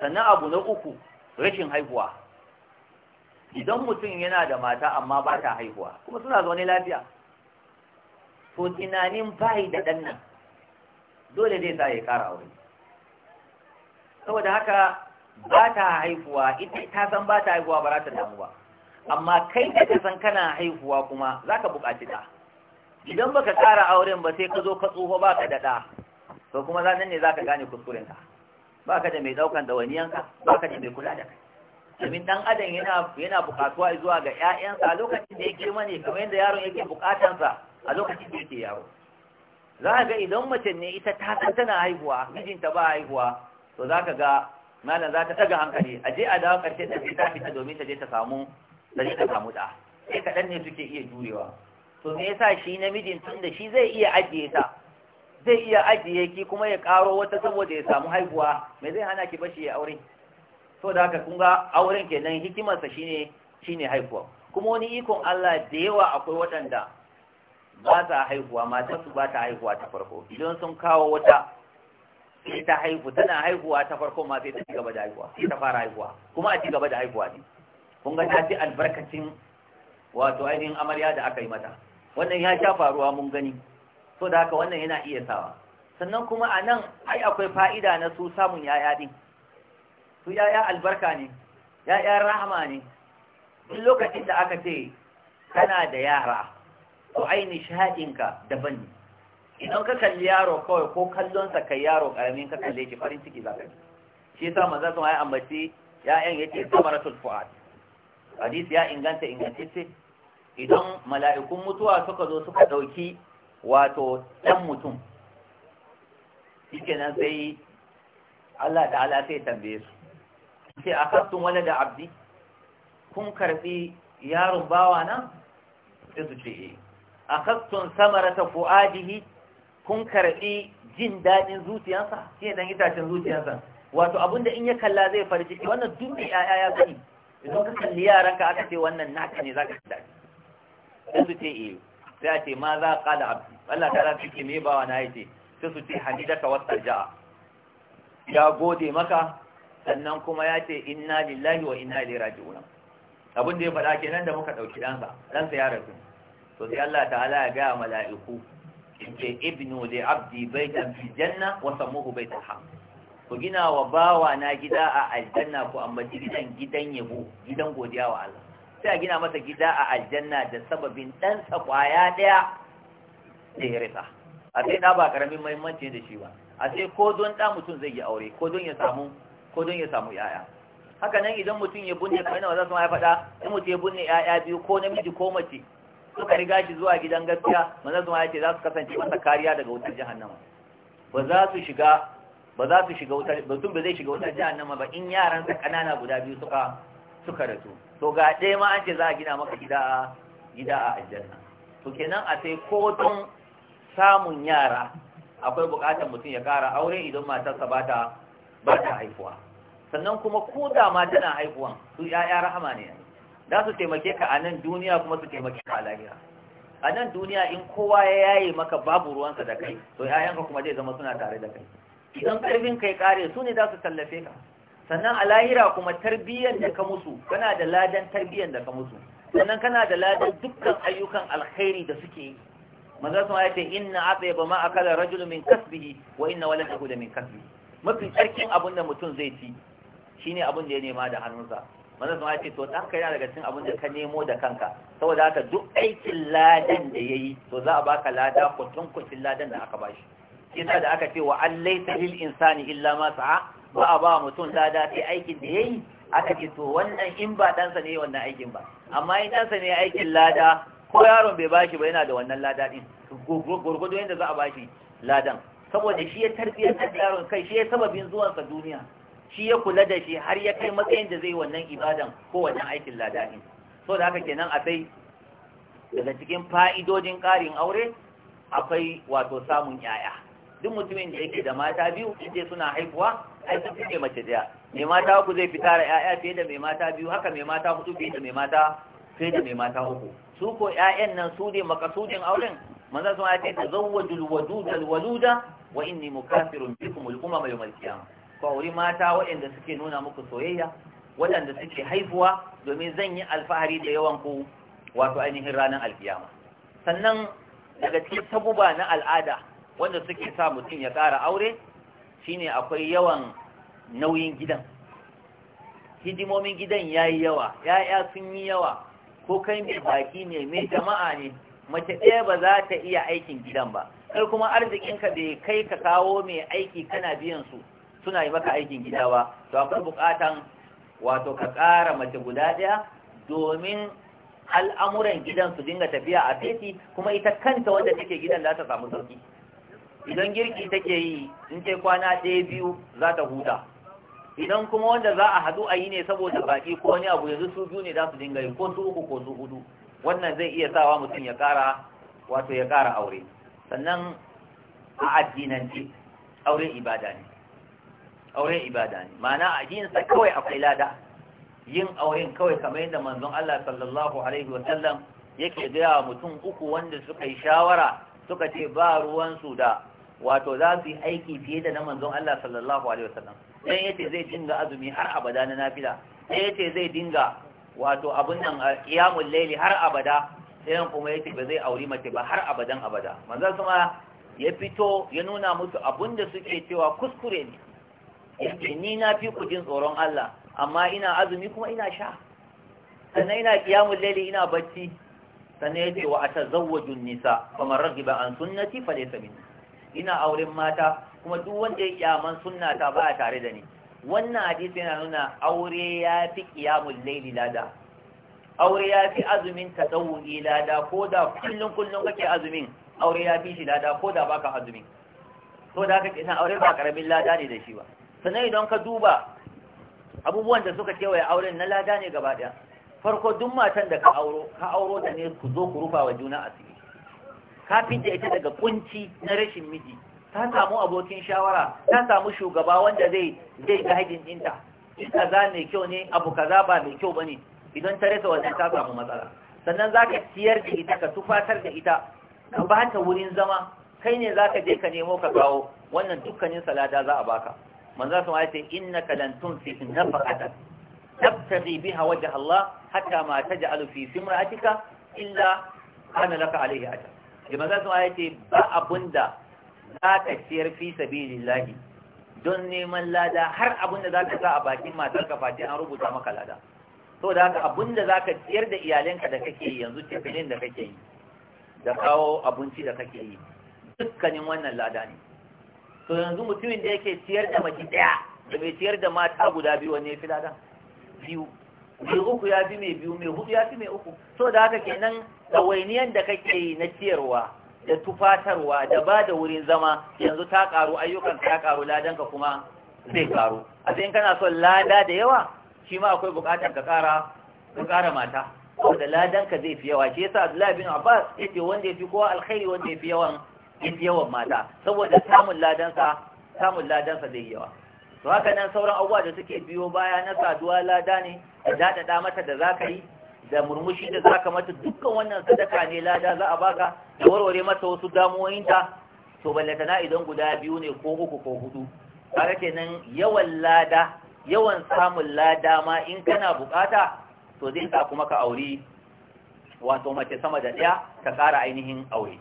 sannan abu na uku rashin haihuwa idan mutum yana da mata amma ba ta haihuwa kuma suna zaune lafiya to tunanin fahi da dan nan dole zai sa ya kara aure saboda haka ba ta haihuwa ita ta san ba ta haihuwa ba za ta damu ba amma kai da ka san kana haihuwa kuma za ka buƙaci ta idan baka ƙara auren ba sai ka zo ka tsoho baka ka ɗa to kuma zanen ne zaka gane Ba baka da mai ɗaukan ba baka da mai kula da kai domin ɗan adam yana yana buƙatuwa zuwa ga ƴaƴan a lokacin da ya girma ne kamar yadda yaron yake sa a lokacin da yake yaro za ka ga idan mace ne ita ta san tana haihuwa mijinta ba haihuwa to za ka ga malam za ta ɗaga hankali a je a dawo ƙarshe da ta fita domin ta je ta samu ta je ta samu ɗa sai kaɗan ne suke iya jurewa to me yasa shi namijin tun da shi zai iya ajiye ta zai iya ajiye ki kuma ya karo wata saboda ya samu haihuwa me zai hana ki bashi ya aure to da haka kun ga auren kenan hikimarsa shine shine haihuwa kuma wani ikon Allah da yawa akwai waɗanda ba ta haihuwa su ba ta haihuwa ta farko idan sun kawo wata sai ta haihu tana haihuwa ta farko ma sai ta ci gaba da haihuwa sai ta fara haihuwa kuma a ci gaba da haihuwa ne kun ga ta ci albarkacin wato ainihin amarya da aka yi mata wannan ya sha faruwa mun gani so da haka wannan yana iya sawa sannan kuma a nan ai akwai fa'ida na su samun yaya din su yaya albarka ne yaya rahama ne duk lokacin da aka ce kana da yara to ai nishaɗinka daban ne idan ka kalli yaro kawai ko kallonsa kai yaro ƙaramin ka kalle shi farin ciki za ka ji shi yasa manzo sun ayi ambaci ya'yan yake samaratul fuad hadisi ya inganta ingantacce idan mala'ikun mutuwa suka zo suka ɗauki wato ɗan mutum shikenan sai Allah da Allah sai tambaye su sai akastun wani da abdi kun karbi yaron bawa nan sai su ce eh. samara ta fuadihi kun karbi jin daɗin zuciyarsa ne dan itacin zuciyarsa wato abinda in ya kalla zai farji wannan duk da yaya ya gani idan ka kalli yaranka aka ce wannan naka ne zaka ji daɗi sai su ce e sai a ce ma za da abu Allah ta rafi ke me bawa na yace sai su ce hamidaka wastarja'a ya gode maka sannan kuma ya ce inna lillahi wa inna ilaihi raji'un abin da ya faɗa kenan da muka ɗauki ɗansa ɗansa ya rasu to sai Allah ta'ala ya ga mala'iku in ce ibnu li abdi baitan fi janna wa samuhu baitan ham ku gina wa bawa na gida a aljanna ko amma gidan gidan yabo gidan godiya wa Allah sai a gina masa gida a aljanna da sababin ɗansa ƙwaya ɗaya da ya rika a sai na ba ƙaramin mahimmanci da shi ba a sai ko don ɗa mutum zai yi aure ko don ya samu ko don ya samu yaya haka nan idan mutum ya bunne kamar yadda su ma ya faɗa in mutum ya bunne yaya biyu ko namiji ko mace suka riga shi zuwa gidan gaskiya manzon su ya ce za su kasance masa kariya daga wutar jahannama ba za su shiga ba za su shiga wutar mutum ba zai shiga wutar jahannama ba in yaran ƙanana guda biyu suka suka rasu to ga ɗaya ma an ce za a gina maka gida a gida a aljanna to kenan a sai ko tun samun yara akwai buƙatar mutum ya ƙara aure idan matarsa ba ta ba haifuwa sannan kuma ko da ma tana haifuwa su ya'ya rahama ne za su taimake ka a nan duniya kuma su taimake ka a lahira a nan duniya in kowa ya yaye maka babu ruwansa da kai to 'ya'yanka kuma zai zama suna tare da kai idan karfin kai kare su ne za su tallafe ka sannan a lahira kuma tarbiyyar da ka musu kana da ladan tarbiyyar da ka musu sannan kana da ladan dukkan ayyukan alkhairi da suke yi manzo sun ayace inna atyaba ma akala rajulun min kasbihi wa inna waladahu la min kasbihi mafi tsarkin abin da mutum zai ci shine abin da ya nema da hannunsa manzo sun ayace to dan kai daga cikin abin da ka nemo da kanka saboda haka duk aikin ladan da yayi to za a baka lada kutun kutin ladan da aka bashi yasa da aka ce wa allaita lil insani illa ma sa'a ba a ba mutum lada sai aikin da ya yi aka ce to wannan in ba ɗansa ne wannan aikin ba amma in ɗansa ne aikin lada ko yaron bai bashi ba yana da wannan lada ɗin gurgudu yadda za a bashi ladan saboda shi ya tarbiyyar da yaron kai shi ya sababin zuwansa duniya shi ya kula da shi har ya kai matsayin da zai wannan ibadan ko wannan aikin lada ɗin so da haka kenan akwai daga cikin fa'idodin ƙarin aure akwai wato samun 'ya'ya duk mutumin da yake da mata biyu inda suna haifuwa ai sun fice mace daya mai mata uku zai fita da 'ya'ya fiye da mai mata biyu haka mai mata hudu fiye da mai mata fiye da mai mata uku su ko 'ya'yan nan su ne makasudin auren manzon sun ayace tazawwajul waduda alwaluda wa inni mukafirun bikum al-umama yawm al-qiyamah ko auri mata waɗanda suke nuna muku soyayya waɗanda suke haifuwa? domin zan yi alfahari da yawan ku wato ainihin ranar alkiyama sannan daga cikin sabuba na al'ada wanda suke sa mutum ya ƙara aure shine akwai yawan nauyin gidan hidimomin gidan ya yi yawa ya'ya sun yi yawa ko kai mai baki ne mai jama'a ne mace ɗaya ba za ta iya aikin gidan ba kai kuma arzikinka bai kai ka kawo mai aiki kana biyan su suna yi maka aikin gida ba to akwai buƙatan wato ka ƙara mace guda ɗaya domin al'amuran gidan su dinga tafiya a feti kuma ita kanta wanda take gidan za ta samu sauki idan girki take yi in ce kwana ɗaya biyu za ta huta idan kuma wanda za a haɗu a yi ne saboda baƙi ko wani abu yanzu su biyu ne za su dinga yi ko su uku ko su hudu wannan zai iya sawa mutum ya ƙara wato ya ƙara aure sannan a addinance auren ibada ne aure ibada ne ma'ana a kawai akwai lada yin aure kawai kamar yadda manzon Allah sallallahu alaihi wasallam yake gaya mutum uku wanda suka yi shawara suka ce ba ruwan su da wato za su yi aiki fiye da na manzon Allah sallallahu alaihi wasallam dan yace zai dinga azumi har abada na nafila dan yace zai dinga wato abun nan a ƙiyamun laili har abada dan kuma yace ba zai auri mace ba har abadan abada manzon kuma ya fito ya nuna musu abunda suke cewa kuskure ne yace ni na fi ku jin tsoron Allah amma ina azumi kuma ina sha sannan ina ƙiyamun laili ina bacci sannan yace wa atazawwaju nisa faman raghiba an sunnati falaysa minni ina auren mata kuma duk wanda ya kyaman sunna ta ba a tare da ni wannan hadisi yana nuna aure ya fi qiyamul Laili lada aure ya fi azumin tasawuri lada ko da kullum kullum kake azumin aure ya fi shi lada ko da baka azumin to da kake san aure ba karamin lada ne da shi ba sannan idan ka duba abubuwan da suka kewaye auren na lada ne gaba daya farko duk matan da ka auro ka auro da ne ku zo ku rufa wa juna asiri ka fidda ita daga kunci na rashin miji ta samu abokin shawara ta samu shugaba wanda zai zai ga hajin dinta kaza mai kyau ne abu kaza ba mai kyau bane idan ta rasa wannan ta samu matsala sannan zaka ciyar da ita ka tufatar da ita ka ba ta wurin zama kai ne zaka je ka nemo ka kawo wannan dukkanin salada za a baka manzo sun ce innaka lan tunfi nafaqatan tabtaghi biha wajha Allah hatta ma taj'alu fi simratika illa ana laka alayhi ajr da za su ya ce ba abun da za ka siyar fi lillahi don neman lada har abun da za ka sa a bakin matar ka fati an rubuta maka lada so da haka abun da za ka siyar da iyalinka da kake yi yanzu tafilin da kake yi da kawo abinci da kake yi dukkanin wannan lada ne to yanzu mutumin da yake ciyar da mace daya da bai ciyar da mata guda biyu wanne ya fi lada biyu mai uku ya fi mai biyu mai hudu ya fi mai uku so da haka kenan tsawainiyar da kake yi na ciyarwa da tufatarwa da ba da wurin zama yanzu ta karu ayyukan ta karu ka kuma zai karu a sai kana son lada da yawa shi ma akwai bukatar ka kara ka kara mata saboda ka zai fi yawa shi yasa Abdullahi bin Abbas yace wanda yafi kowa alkhairi wanda yafi yawan yawan mata saboda samun ladansa samun ladansa zai yawa to haka nan sauran abuwa da suke biyo baya na saduwa lada ne da dadada mata da zaka yi da murmushi da zaka mata dukkan wannan sadaka ne lada za a baka da warware mata wasu damuwoyinta to na idan guda biyu ne ko uku ko hudu kaga kenan yawan lada yawan samun lada ma in kana bukata to zai sa kuma ka aure wato mace sama da daya ta kara ainihin aure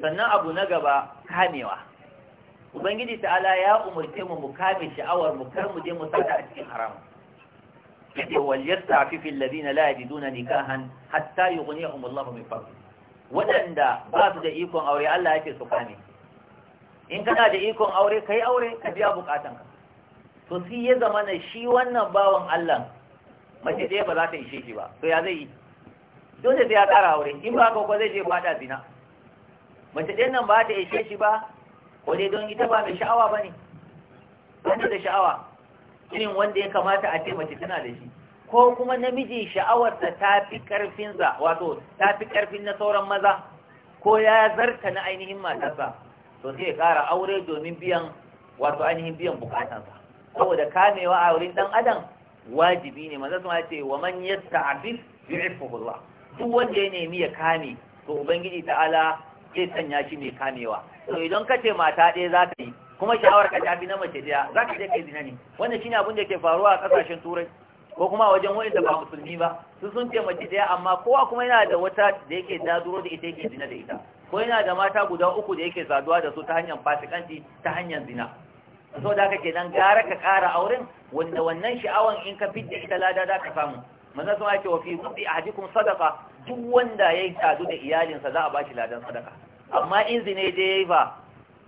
sannan abu na gaba kamewa ubangiji ta'ala ya umarce mu mu kame sha'awar mu kar mu je mu sata a cikin haram yace wal yastafifu alladhina la yajiduna nikahan hatta yughniyahum Allahu min fadli wadanda ba su da ikon aure Allah yake su kame in kana da ikon aure kai aure ka biya bukatan ka. to sai ya zama na shi wannan bawan Allah mace ɗaya ba za ta ishe shi ba to ya zai yi dole sai ya kara aure in ba ka ko zai je fada zina mace ɗayan nan ba ta ishe shi ba ko don ita ba mai sha'awa ba ne wanda da sha'awa irin wanda ya kamata a ce mace tana da shi ko kuma namiji sha'awarsa ta fi ƙarfinsa wato ta fi ƙarfin na sauran maza ko ya zarta na ainihin matarsa to sai ya ƙara aure domin biyan wato ainihin biyan bukatansa saboda kamewa a wurin ɗan adam wajibi ne maza sun ce wa man yasta'bil yu'ifullah duk wanda ya nemi ya kame to ubangiji ta'ala zai sanya shi mai kamewa to idan ka ce mata ɗaya za ta yi kuma sha'awar ka tafi na mace ɗaya za ka je kai zina ne wannan shine abin da ke faruwa a ƙasashen turai ko kuma wajen wani da ba musulmi ba su sun ce mace ɗaya amma kowa kuma yana da wata da yake daduro da ita yake zina da ita ko yana da mata guda uku da yake saduwa da su ta hanyar fasikanci ta hanyar zina so da aka kake nan gara ka ƙara auren wanda wannan sha'awan in ka fidda ita lada za ka samu manzo sun wafi wa fi a ahadikum sadaka duk wanda ya sadu da iyalinsa za a bashi ladan sadaka amma in zine je yayi ba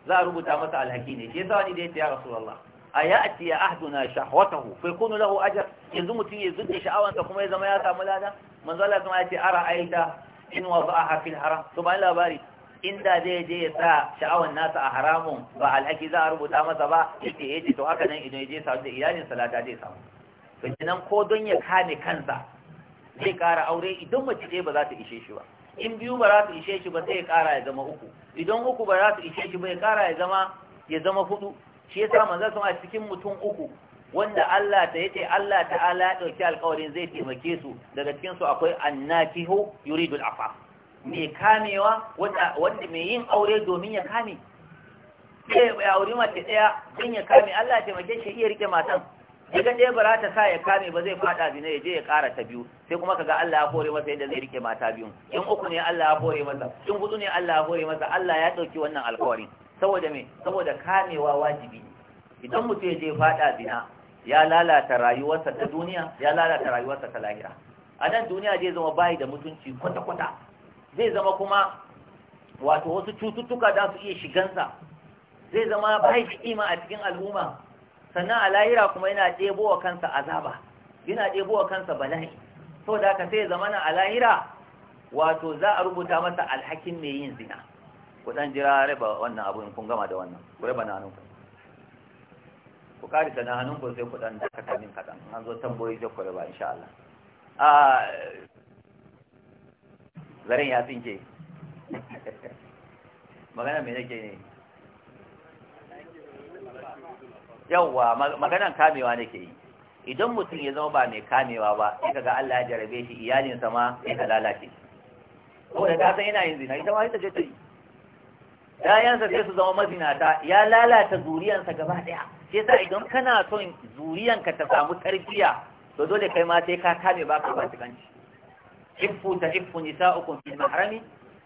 za a rubuta masa alhaki ne Ke yasa wani da ya ce ya a a ya'ti ya ahduna shahwatahu fa yakunu lahu ajar? yanzu mutum ya zuke sha'awansa kuma ya zama ya samu lada manzo Allah kuma ya ce ara aita in a fil haram to ba labari inda zai je ya sa sha'awan nasa a haramun ba alhaki za a rubuta masa ba yake yace to haka nan idan ya je sadu da iyalinsa lada zai samu to ko don ya kame kansa zai ƙara aure idan mace ɗaya ba za ta ishe shi ba in biyu ba za ta ishe shi ba sai ya ƙara ya zama uku idan uku ba za ta ishe shi ba ya ƙara ya zama ya zama hudu shi sa manzo sun a cikin mutum uku wanda Allah ta yace Allah ta'ala ya dauki alƙawarin zai taimake su daga cikin su akwai annakihu yuridu al'afa mai kamewa wanda wanda mai yin aure domin ya kame sai ya aure mace ɗaya don ya kame Allah ya taimake shi iya rike matan Idan ɗaya ba za ta sa ya kame ba zai faɗa zina ya je ya ƙara ta biyu sai kuma kaga Allah ya kore masa yadda zai rike mata biyu. in uku ne Allah ya kore masa in hudu ne Allah ya kore masa Allah ya ɗauki wannan alƙawarin saboda me saboda kamewa wajibi idan mutum ya je faɗa bina ya lalata rayuwarsa ta duniya ya lalata rayuwarsa ta lahira a nan duniya zai zama bayi da mutunci kwata-kwata zai zama kuma wato wasu cututtuka za su iya shigansa zai zama bayi da kima a cikin al'umma sannan a lahira kuma yana ɗebo wa kansa azaba yana ɗebo wa kansa bala'i so da ka sai zamana a lahira wato za a rubuta masa alhakin mai yin zina ku ɗan jira raba wannan abu kun gama da wannan ku raba na hannunku ku kari da na hannunku sai ku ɗan dakata min kaɗan an zo tamboyi zai ku raba insha Allah zaren ya tsinke magana mai nake ne yawwa maganan kamewa nake yi idan mutum ya zama ba mai kamewa ba sai kaga Allah ya jarabe shi iyalinsa ma sai ta lalace ko ta san yana yin zina ita ma ita ce ta yi ‘ya'yansa sai su zama mazinata ya lalata zuriyansa gaba ɗaya sai sa idan kana son zuriyanka ta samu tarbiya to dole kai ma sai ka kame ba ka fasikanci iffu ta iffu nisa'ukum fil mahrami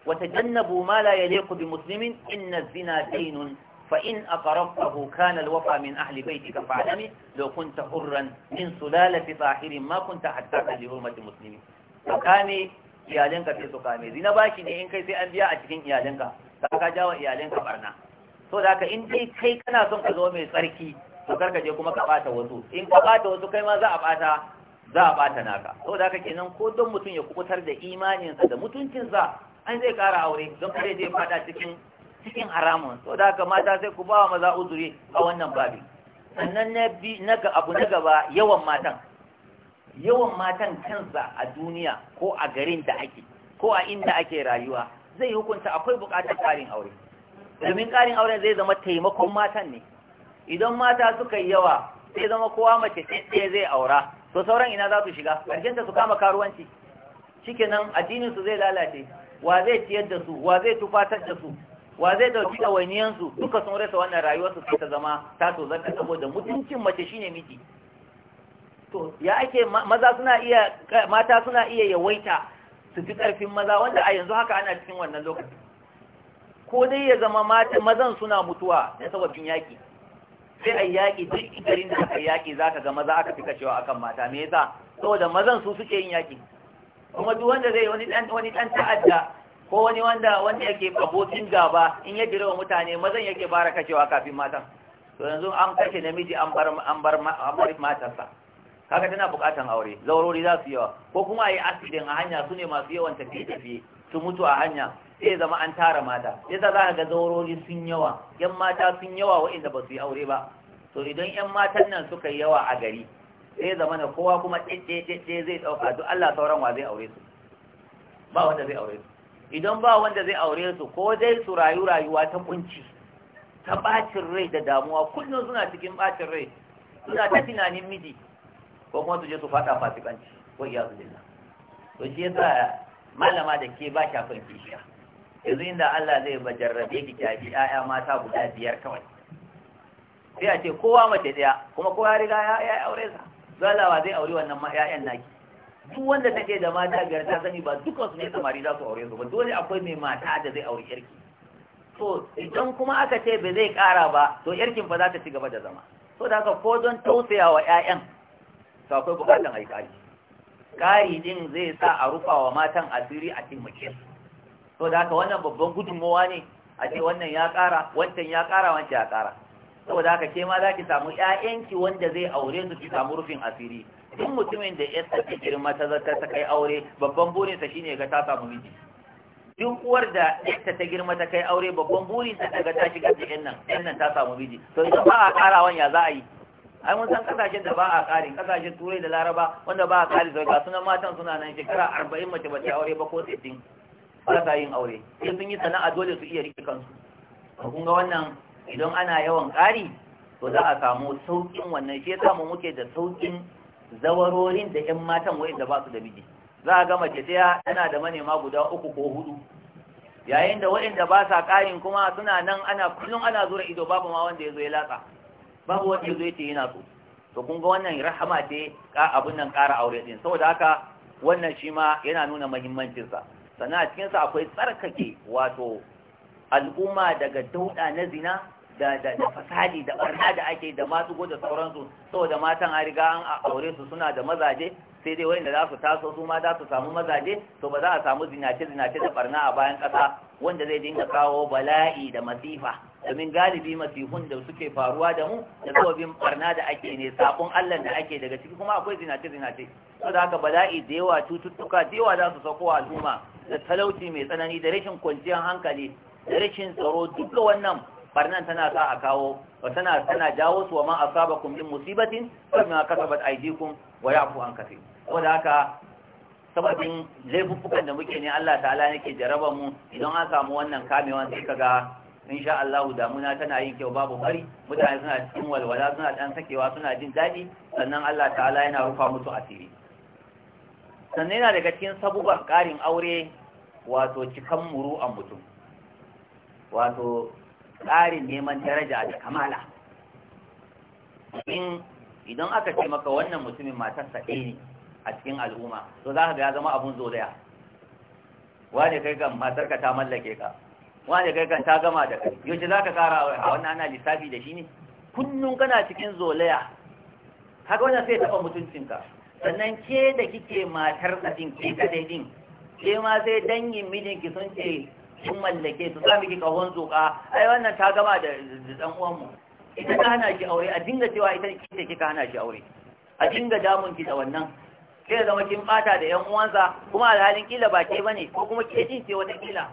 wa tajannabu ma la yaliqu bi muslimin inna zina dainun فإن أقربته كان الوفى من أهل بيتك فاعلمه لو in حرا من سلالة طاهر ما كنت حتى لهرمة المسلمين kame iyalinka sai su kame zina baki ne in kai sai an biya a cikin iyalinka ka ka jawo iyalinka barna so da haka in dai kai kana son ka zo mai tsarki to karka je kuma ka bata wasu in ka bata wasu kai ma za a bata za a bata naka so da haka kenan ko don mutum ya kubutar da imaninsa da mutuncinsa an zai kara aure don kare zai fada cikin cikin haramun to da haka mata sai ku ba maza uzuri a wannan babi sannan na bi na ga abu na gaba yawan matan yawan matan kansa a duniya ko a garin da ake ko a inda ake rayuwa zai hukunta akwai buƙatar ƙarin aure domin ƙarin aure zai zama taimakon matan ne idan mata suka yi yawa sai zama kowa mace ɗaya zai aura to sauran ina za su shiga ƙarshenta su kama karuwanci shikenan addinin su zai lalace wa zai ciyar da su wa zai tufatar da su wa zai dauki ɗawainiyansu duka sun rasa wannan rayuwarsu sai ta zama ta tozarta saboda mutuncin mace shine miji to ya ake maza suna iya mata suna iya yawaita su fi ƙarfin maza wanda a yanzu haka ana cikin wannan lokaci ko dai ya zama mata mazan suna mutuwa da sababin yaƙi sai a yaƙi duk garin da aka yaƙi za ka ga maza aka fi kashewa akan mata me yasa saboda mazan su suke yin yaƙi kuma duk wanda zai wani ɗan ta'adda ko wani wanda wanda yake abokin gaba in ya jira wa mutane mazan yake fara kashewa kafin matan to yanzu an kashe namiji an bar an bar matarsa kaga tana bukatan aure zaurori za su yawa ko kuma ayi accident a hanya su ne masu yawan tafiye tafiye su mutu a hanya sai zama an tara mata yasa za ka ga zaurori sun yawa yan mata sun yawa waɗanda ba su yi aure ba to idan yan matan nan suka yi yawa a gari sai zama na kowa kuma ɗaiɗaiɗaiɗai zai ɗauka duk Allah sauran wa zai aure su ba wanda zai aure su idan ba wanda zai aure su ko dai su rayu rayuwa ta kunci ta bacin rai da damuwa kullum suna cikin bacin rai suna ta tunanin miji ko kuma su je su fada fasikanci ko iya su dilla to shi yasa malama da ke ba shafin kishiya yanzu inda Allah zai bajarrabe ki tafi ƴaƴa mata guda biyar kawai sai a ce kowa mace daya kuma kowa riga ya aure sa zalawa zai aure wannan ƴaƴan naki duk wanda take da mata biyar ta sani ba dukkan su ne samari za su aure su ba dole akwai mai mata da zai aure yarki to idan kuma aka ce ba zai kara ba to yarkin fa za ta ci gaba da zama so da haka ko don tausaya wa ƴaƴan to akwai bukatan ai kari kari din zai sa a rufa wa matan asiri a cikin mace to da haka wannan babban gudunmawa ne a ce wannan ya kara wancan ya kara wancan ya kara saboda haka ke ma za ki samu ƴaƴanki wanda zai aure su ki samu rufin asiri in mutumin da yarsa ta girma ta zata ta kai aure babban burinsa shine ga ta samu miji duk uwar da yarta ta girma ta kai aure babban burinsa ta ga ta shiga cikin nan wannan ta samu miji to idan ba a karawan ya za a yi ai mun san kasashen da ba a kare kasashen turai da laraba wanda ba a kare sai ga sunan matan suna nan shekara arba'in mace ba ta aure ba ko 60 ba ta yin aure sai sun yi sana'a dole su iya rike kansu kun ga wannan idan ana yawan kari to za a samu saukin wannan shi ya samu muke da saukin zawarorin da 'yan matan da ba su da miji za a gama mace ɗaya tana da manema guda uku ko hudu yayin da waɗanda ba sa ƙayin kuma suna nan ana kullum ana zura ido babu ma wanda ya zo ya latsa babu wanda ya zo ya ce yana so to kun ga wannan rahama ce ka abin nan ƙara aure din saboda haka wannan shi ma yana nuna muhimmancinsa sannan a sa akwai tsarkake wato al'umma daga dauɗa na zina da da da fasadi da barna da ake da masu goda sauransu saboda matan a riga an aure su suna da mazaje sai dai wanda za su taso su ma za su samu mazaje to ba za a samu zinace zinace da barna a bayan kasa wanda zai dinga kawo bala'i da masifa domin galibi masifun da suke faruwa da mu da sababin barna da ake ne sakon Allah da ake daga ciki kuma akwai zinace zinace da haka bala'i da yawa cututtuka da yawa za su sauko al'umma da talauci mai tsanani da rashin kwanciyar hankali da rashin tsaro duka wannan barnan tana sa a kawo wa tana tana jawo su wa ma asabakum min musibatin fa ma kasabat aidikum wa ya'fu an kafi wanda haka sababin laifukan da muke ne Allah ta'ala yake jaraba mu idan an samu wannan kamewan sai kaga insha Allah damuna tana yin kyau babu bari mutane suna cikin walwala suna dan sakewa suna jin daɗi sannan Allah ta'ala yana rufa musu asiri sannan yana daga cikin sabuwar ƙarin aure wato cikan muru'an mutum wato tsarin neman daraja da kamala in idan aka ce maka wannan mutumin matarsa ɗaya ne a cikin al'umma to za ka ga ya zama abun zolaya wane kai kan ka ta mallake ka wane kai kan ta gama da kai yaushe za ka kara a wannan ana lissafi da shi ne kullum kana cikin zolaya haka wannan sai taɓa mutuncinka sannan ke da kike matar ɗin ke kaɗai ɗin ke ma sai dangin mijinki sun ce kin mallake su sami mu ki kahon zuka ai wannan ta gama da dan uwanmu ita ta hana shi aure a dinga cewa ita ita kika hana shi aure a dinga damun ki da wannan sai zama kin bata da yan uwansa kuma alhalin kila ba ke bane ko kuma ke jin ce wata kila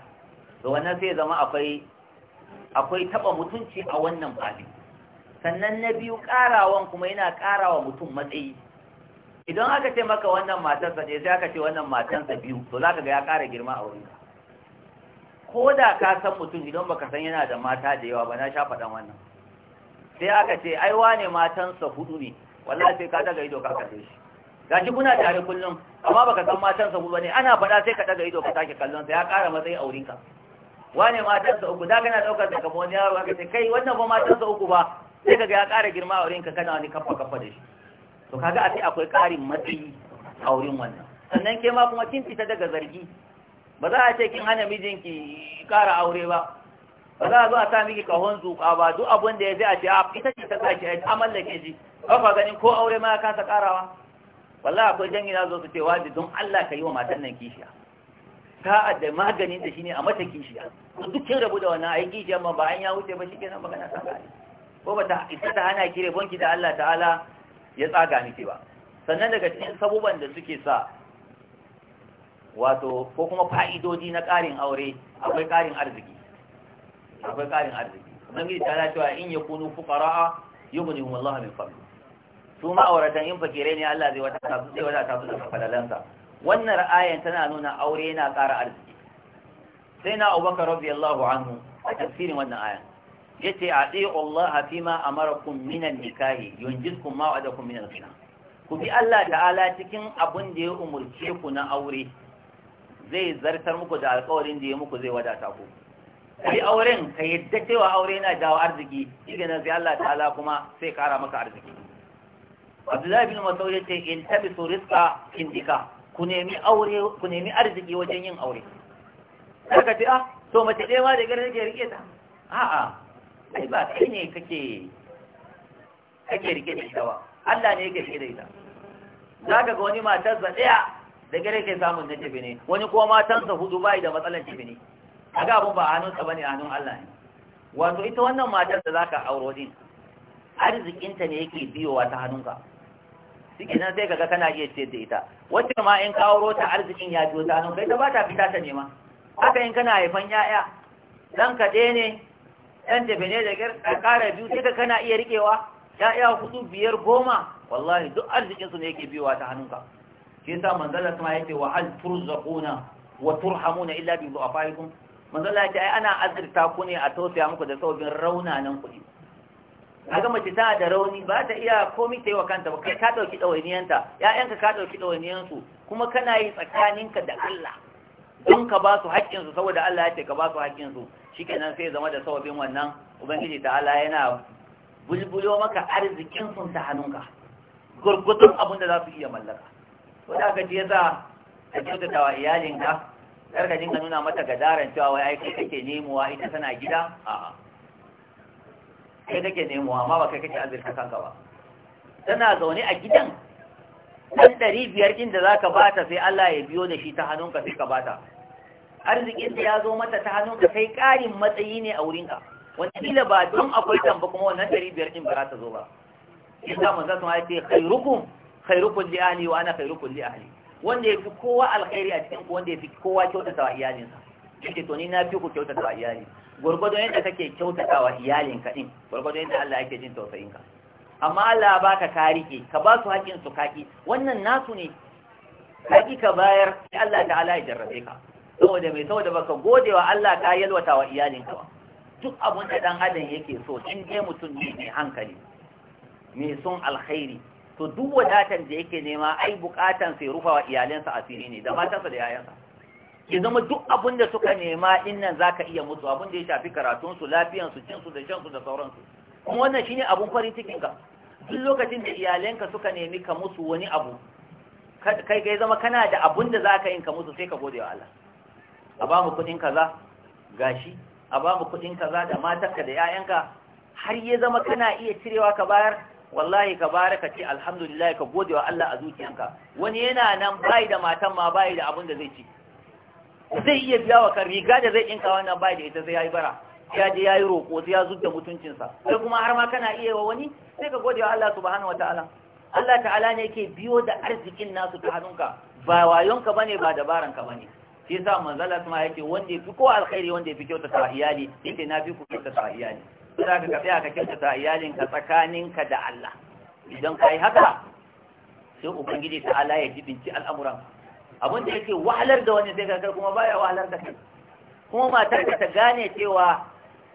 to wannan sai zama akwai akwai taba mutunci a wannan babin sannan na biyu karawan kuma yana karawa mutum matsayi idan aka ce maka wannan matarsa ne sai aka ce wannan matarsa biyu to zaka ga ya kara girma a wurinka ko da ka san mutum idan baka san yana da mata da yawa ba na sha faɗan wannan sai aka ce ai wane matansa hudu ne wallahi sai ka daga ido ka kace shi gashi kuna tare kullum amma baka san matansa hudu ne ana faɗa sai ka daga ido ka take kallon sa ya ƙara matsayi auren ka wane matansa uku da kana daukar da kamar wani yaro aka ce kai wannan ba matansa uku ba sai kaga ya ƙara girma auren ka kana wani kafa kafa da shi to kaga a sai akwai ƙarin matsayi auren wannan sannan ke ma kuma kin fita daga zargi ba za a ce kin hana mijinki ƙara aure ba ba za a zo a sa miki kahon zuƙa ba duk abin da ya zai a ce a ita ce ta sake ta mallake shi ba ka ganin ko aure ma ya kasa ƙarawa wallahi akwai jangina zo su ce wa don Allah ka yi wa matan nan kishiya ta adda maganin da shine a mata kishiya duk kin rabu da wannan ai kishiya ma ba an ya wuce ba shikenan magana ta kare ko ba ta ita ta hana kire bonki da Allah ta'ala ya tsaga miki ba sannan daga cikin sabuban da suke sa wato ko kuma fa'idoji na ƙarin aure akwai ƙarin arziki akwai ƙarin arziki gidi ta cewa in yakunu fuqara'a yughnihum Allahu min fadli su ma'auratan in fakirai ne Allah zai wata tafi zai wata tafi da falalansa wannan 'ayan tana nuna aure yana ƙara arziki sai na Abubakar radiyallahu anhu a tafsirin wannan ayan yace ati'u Allah fi ma amarakum min an-nikahi yunjizkum ma da min al-ghina ku bi Allah ta'ala cikin abin da ya umurce ku na aure zai zartar muku da alƙawarin da ya muku zai wadata ku kai auren ka yadda cewa aure yana jawo arziki shi sai Allah ta'ala kuma sai kara maka arziki Abdullahi bin Mas'ud yace in tabisu rizqa indika ku nemi aure ku nemi arziki wajen yin aure Saka ce ah to mace ɗaya ma da gari nake rike ta a'a ai ba kai ne kake kake rike da ita ba Allah ne yake rike da ita zaka ga wani matar sa ɗaya da gare ke samun na jibini wani kuma matansa hudu bai da matsalar jibini ga abun ba a hannunsa a hannun Allah ne wato ita wannan matar da za ka auro din arzikinta ne yake biyowa ta hannunka suke nan sai kaga kana iya ce da ita wacce ma in ka auro ta arzikin ya biyo ta hannunka ita ba ta fita ta nema haka in kana haifan ya'ya Zan ka ne 'yan tafi ne da ka biyu sai ka kana iya riƙewa ya'ya hudu biyar goma wallahi duk arzikinsu ne yake biyowa ta hannunka shi yasa manzala kuma yace wa hal turzaquna wa turhamuna illa bi du'afaikum manzala yake ai ana azirta ku ne a tausaya muku da rauna nan kuɗi. kaga mace ta da rauni ba ta iya komai ta yi wa kanta ba kai ka dauki dawainiyanta ƴaƴanka ka dauki dawainiyansu kuma kana yi tsakaninka da Allah don ka ba su haƙƙinsu saboda Allah ya ce ka ba su haƙƙinsu shikenan sai zama da sawabin wannan ubangiji ta Allah yana bulbulo maka arzikin sun ta hannunka gurgudun abin da za su iya mallaka ko da ka sa yasa ka kyautata wa iyalinka kar ka dinga nuna mata gadaran cewa wai ai kai kake nemowa ita tana gida a'a kai kake nemowa amma ba kai kake azurta kanka ba tana zaune a gidan ɗan ɗari biyar ɗin da za ka bata sai Allah ya biyo da shi ta hannunka sai ka bata arzikin da ya zo mata ta hannunka sai ƙarin matsayi ne a wurinka wani kila ba don akwai tamba kuma wannan ɗari biyar ɗin ba za ta zo ba ya sa ya ce 'Kai, khairukum khairukum li ahli wa ana khairukum li ahli wanda yafi kowa alkhairi a cikin ku wanda yafi kowa kyautata wa iyalinsa yake to ni na fi ku kyautata wa iyali gurgudu yadda kake kyautata wa iyalinka din gurgudu yadda Allah yake jin tausayinka amma Allah baka karike ka ba su haƙin su kaki wannan nasu ne kaki ka bayar sai Allah ta'ala ya jarrabe ka saboda mai saboda baka godewa Allah ka yalwata wa iyalinka ba duk abun da dan adam yake so in dai mutum ne mai hankali mai son alkhairi to duk wadatan da yake nema ai bukatan sai rufawa iyalansa asiri ne da matansa da yayansa ya zama duk abin da suka nema din nan zaka iya mutu abin da ya shafi karatun su lafiyan su cin su da shan su da sauransu kuma wannan shine abun farin cikin ka duk lokacin da iyalanka suka nemi ka musu wani abu kai kai zama kana da abun da zaka yin ka musu sai ka gode wa Allah a ba mu kudin kaza gashi a ba mu kudin kaza da matarka da yayanka har ya zama kana iya cirewa ka bayar wallahi ka baraka ce alhamdulillah ka gode wa Allah a zuciyanka wani yana nan bai da matan ma bai da abin da zai ci zai iya biya wa kan riga da zai dinka wannan bai da ita sai yayi bara ya je yayi roko sai ya zubda mutuncinsa sai kuma har ma kana iya wa wani sai ka gode wa Allah subhanahu wataala Allah ta'ala ne yake biyo da arzikin nasu ta hannunka ba wayonka bane ba dabaranka bane shi yasa manzala kuma yake wanda yafi ko alkhairi wanda yafi kyautata iyali yake na fi ku kyautata iyali za ka kafiya ka kyautata iyalinka tsakaninka da Allah idan ka yi haka sai ubangiji ta ala ya jibinci al'amuran abin da yake wahalar da wani sai kakar kuma baya wahalar da kai kuma matar ka ta gane cewa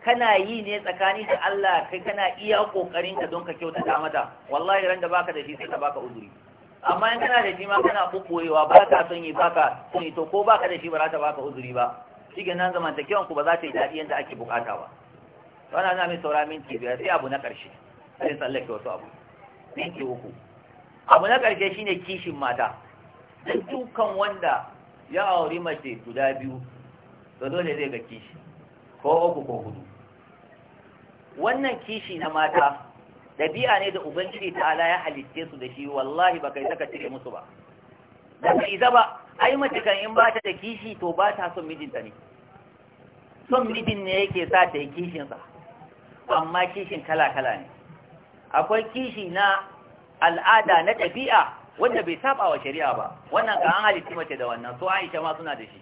kana yi ne tsakani da Allah kai kana iya kokarin ka don ka kyautata mata wallahi ran da baka da shi sai ka baka uzuri amma in kana da shi ma kana bubboyewa ka son yi baka son yi to ko baka da shi ba za ta baka uzuri ba shi nan zamantakewan ku ba za ta yi daɗi yadda ake bukata ba wani ana min saura minti biyar sai abu na ƙarshe sai tsallake wasu abu minti uku abu na ƙarshe shine kishin mata duk dukan wanda ya auri mace guda biyu to dole zai ga kishi ko uku ko hudu wannan kishi na mata dabi'a ne da ubangiji ta'ala ya halitte su da shi wallahi ba kai saka cire musu ba da kai zaba ai mace kan in bata da kishi to ba ta son mijinta ne son mijin ne yake sa ta yi kishinsa. amma kishin kala-kala ne akwai kishi na al'ada na tafiya wanda bai saba wa shari'a ba wannan ka an halitta mace da wannan so aisha ma suna da shi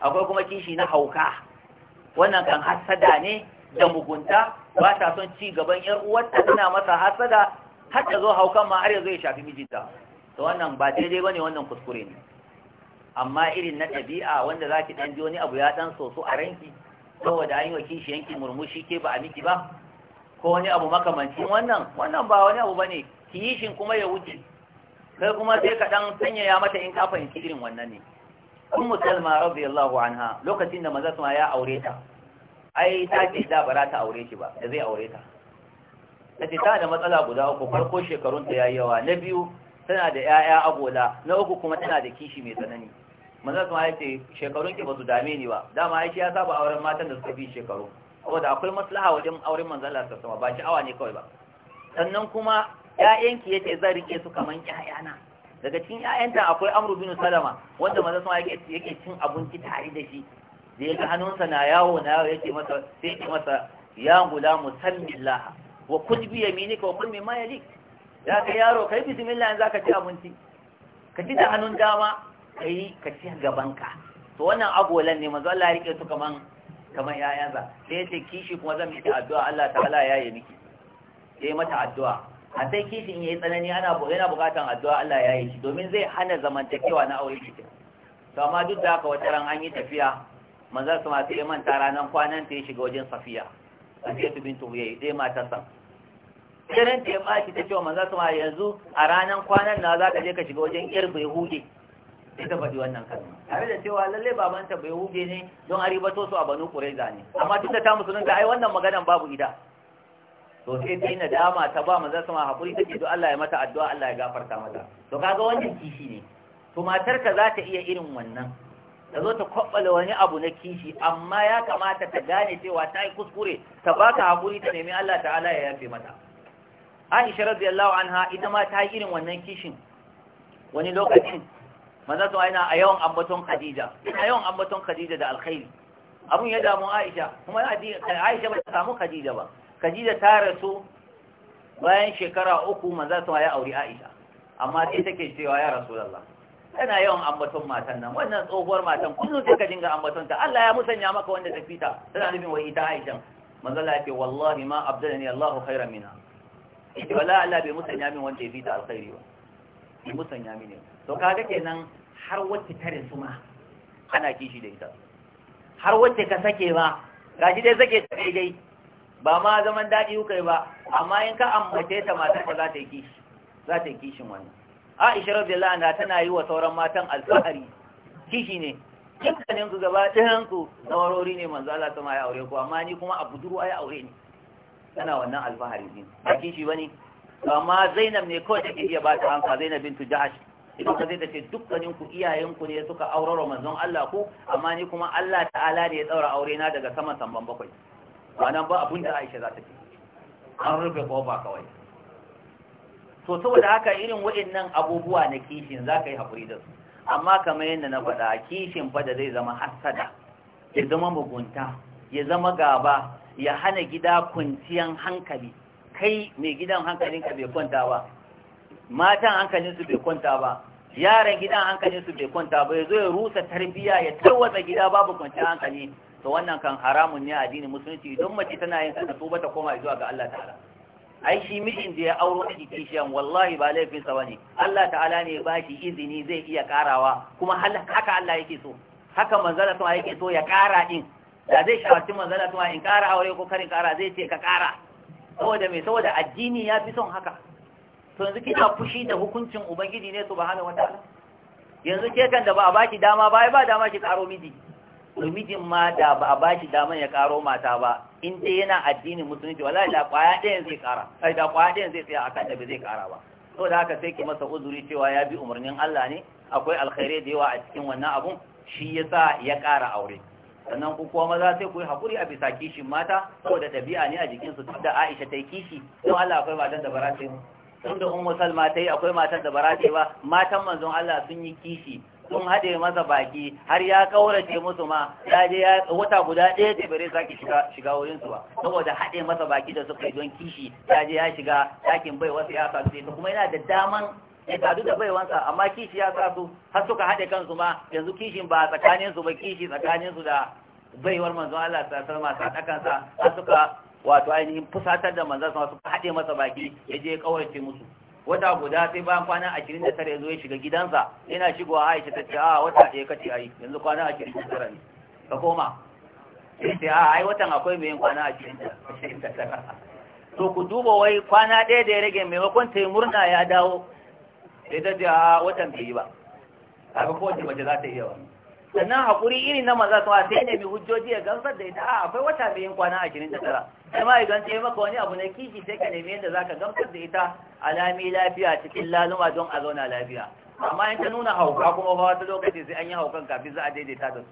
akwai kuma kishi na hauka wannan kan hasada ne da mugunta ba ta son ci gaban yar uwarta tana masa hasada har ta zo haukan ma har ya ya shafi mijinta to wannan ba daidai bane wannan kuskure ne amma irin na tabi'a wanda zaki dan ji wani abu ya dan soso a ranki saboda an yi wa kishiyanki murmushi ke ba a miki ba ko wani abu makamanci wannan wannan ba wani abu bane kishin kuma ya wuce kai kuma sai ka dan sanyaya mata in kafa fahimci irin wannan ne ummu salma radiyallahu anha lokacin da maza ma ya aure ta ai ta ce da bara ta aure shi ba da zai aure ta tace ta da matsala guda uku farko shekarun ta yayi yawa na biyu tana da yaya agola na uku kuma tana da kishi mai tsanani manzo kuma ya ce shekarun ki ba su dame ni ba dama ya ce ya saba auren matan da suka fi shekaru saboda akwai maslaha wajen auren manzo Allah sallallahu alaihi ba shi awa ne kawai ba sannan kuma ƴaƴanki yace zan rike su kaman ƴaƴana daga cikin ƴaƴanta akwai Amru bin Salama wanda manzo kuma yake yake cin abinci tare da shi da yake hannunsa na yawo na yawo yake masa sai yake masa ya gulamu sallallahu wa kun bi yaminika wa kun mimma yalik ya kai yaro kai bismillah in zaka ci abinci ka ci da hannun dama kai ka ci gabanka to wannan agolan ne manzo Allah ya rike su kaman kaman yayansa sai yace kishi kuma zan miki addu'a Allah ta'ala ya yi miki sai mata addu'a a sai kishin yayi tsanani ana yana bukatan addu'a Allah ya yi shi domin zai hana zamantakewa na aure shi. to amma duk da haka wata ran an yi tafiya manzo su ma sai manta nan kwanan ta ya shiga wajen Safiya Safiya bintu Huyay dai matarsa kiran ta ya baki ta cewa manzo su ma yanzu a ranan kwanan na za ka je ka shiga wajen irbe hude sai ta faɗi wannan kalma tare da cewa lalle babanta bai hude ne don a ribato su a banu ƙureza ne amma tun da ta musulunta ai wannan maganan babu ida to sai ta yi nadama ta ba maza sama haƙuri ta ce to Allah ya mata addu'a Allah ya gafarta mata to kaga wannan kishi ne to ka za ta iya irin wannan ta zo ta kwabbala wani abu na kishi amma ya kamata ta gane cewa ta yi kuskure ta baka haƙuri ta nemi Allah ta'ala ya yafe mata Aisha radiyallahu anha ita ma ta yi irin wannan kishin wani lokacin manzon sa yana a yawan ambaton Khadija a yawan ambaton Khadija da alkhairi abun ya damu Aisha kuma Aisha ba ta samu Khadija ba Khadija ta rasu bayan shekara uku manzon sa ya aure Aisha amma sai take cewa ya Rasulullah tana yawan ambaton matan nan wannan tsohuwar matan kullum sai ka dinga ambaton ta Allah ya musanya maka wanda ta fita tana nufin wai ita Aisha manzo Allah yake wallahi ma abdalani Allahu khairan minha wala Allah bai musanya min wanda ya fita alkhairi ba musanya min ne to kaga kenan har wacce tare su ma ana kishi da ita har wacce ka sake ba gashi dai sake ta daidai ba ma zaman daɗi kuka yi ba amma in ka ammace ta matar ba za ta yi kishi za ta yi kishin wannan Aisha radiyallahu anha tana yi wa sauran matan alfahari kishi ne dukkanin ku gaba ɗayan ku tsawarori ne manzo Allah sama ya aure ku amma ni kuma a buduru ai aure ne tana wannan alfahari din ba kishi bane amma Zainab ne kawai take iya ba ta hanka Zainab bintu Jahash idan ka zai tace dukkanin ku iyayen ku ne suka aurara manzon Allah ku amma ni kuma Allah ta'ala ne ya tsaura aure na daga sama samban bakwai wannan ba abun da Aisha za ta ce an rufe kofa kawai to saboda haka irin waɗannan abubuwa na kishin za ka yi haƙuri da su amma kamar yadda na faɗa kishin fa da zai zama hassada ya zama mugunta ya zama gaba ya hana gida kwanciyar hankali kai mai gidan hankalinka bai kwanta ba matan hankalin su bai kwanta ba yaran gidan hankalin su bai kwanta ba yazo ya rusa tarbiya ya tarwata gida babu kwanci hankali to wannan kan haramun ne a addinin musulunci idan mace tana yin haka to bata koma zuwa ga Allah ta'ala ai shi mijin da ya auro a kishiyan wallahi ba laifinsa ba ne Allah ta'ala ne ba shi izini zai iya karawa kuma haka Allah yake so haka manzala sun yake so ya kara din da zai shawarci manzala sun in kara aure ko karin kara zai ce ka kara saboda mai saboda addini ya fi son haka to yanzu kina fushi da hukuncin ubangiji ne subhanahu wataala yanzu ke kan da ba a baki dama ba ba dama ki karo miji mijin ma da ba a baki dama ya karo mata ba in dai yana addinin musulunci wallahi da kwaya ɗayan zai kara ai da kwaya ɗayan zai tsaya akan da bai zai kara ba to da haka sai ki masa uzuri cewa ya bi umarnin Allah ne akwai alkhairai da yawa a cikin wannan abun shi yasa ya kara aure sannan ku kuma maza sai ku yi haƙuri a bisa kishin mata ko da ɗabi'a ne a jikinsu da aisha ta yi kishi don allah akwai matan da ba tun da ummu salma ta yi akwai matan da bara ba matan manzon Allah sun yi kishi sun haɗe masa baki har ya kaurace musu ma ya je wata guda ɗaya da bare sake shiga shiga wurin su ba saboda haɗe masa baki da suka yi don kishi ya je ya shiga ɗakin bai wasu ya sa su kuma yana da daman ya sadu da wansa amma kishi ya sa su har suka haɗe kansu ma yanzu kishin ba tsakanin su ba kishi tsakanin su da baiwar manzon Allah sallallahu alaihi wasallam sa har suka wato ainihin fusatar da manzan sama su haɗe masa baki ya je kawarce musu wata guda sai bayan kwana ashirin da tara ya zo ya shiga gidansa yana shigowa aisha ta ce a wata ɗaya ka ce ayi yanzu kwana ashirin da tara ne ka koma sai a ai watan akwai mai yin kwana ashirin da tara to ku duba wai kwana ɗaya da ya rage maimakon ta yi murna ya dawo sai ta ce a watan bai yi ba a ga kowace mace za ta iya wani sannan haƙuri irin na maza su sai ne mai hujjoji ya gamsar da ita a akwai wata mai yin kwana ashirin da tara sai ma idan ta yi maka wani abu na kishi sai ka nemi yadda za ka gamsar da ita alami lafiya cikin laluma don a zauna lafiya amma in ta nuna hauka kuma fa wata lokaci sai an yi haukan kafin za a daidaita da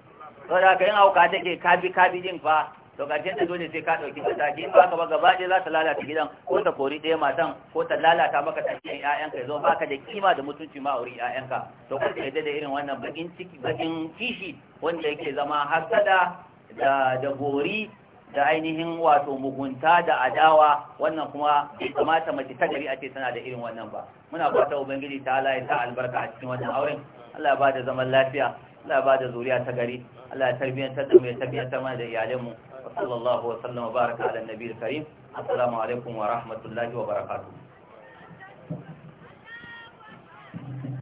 su da ka yin hauka take kabi kabi din fa to karshen da dole sai ka ɗauki ta in ba ka ba gaba ɗaya za ta lalata gidan ko ta kori ɗaya matan ko ta lalata maka tafiyan ƴaƴanka ya zo ba da kima da mutunci ma a wurin ka to kuma yadda da irin wannan bakin ciki bakin kishi wanda yake zama hasada da da gori da ainihin wato mugunta da adawa wannan kuma kamata mace ta gari a ce tana da irin wannan ba muna fata ubangiji ta Allah ya albarka a cikin wannan auren Allah bada zaman lafiya Allah bada zuriya ta gari Allah ya tarbiyyantar da mu ya tarbiyyantar mana da iyalai mu wa sallallahu wa sallama baraka ala nabiyil karim assalamu alaikum wa rahmatullahi wa barakatuh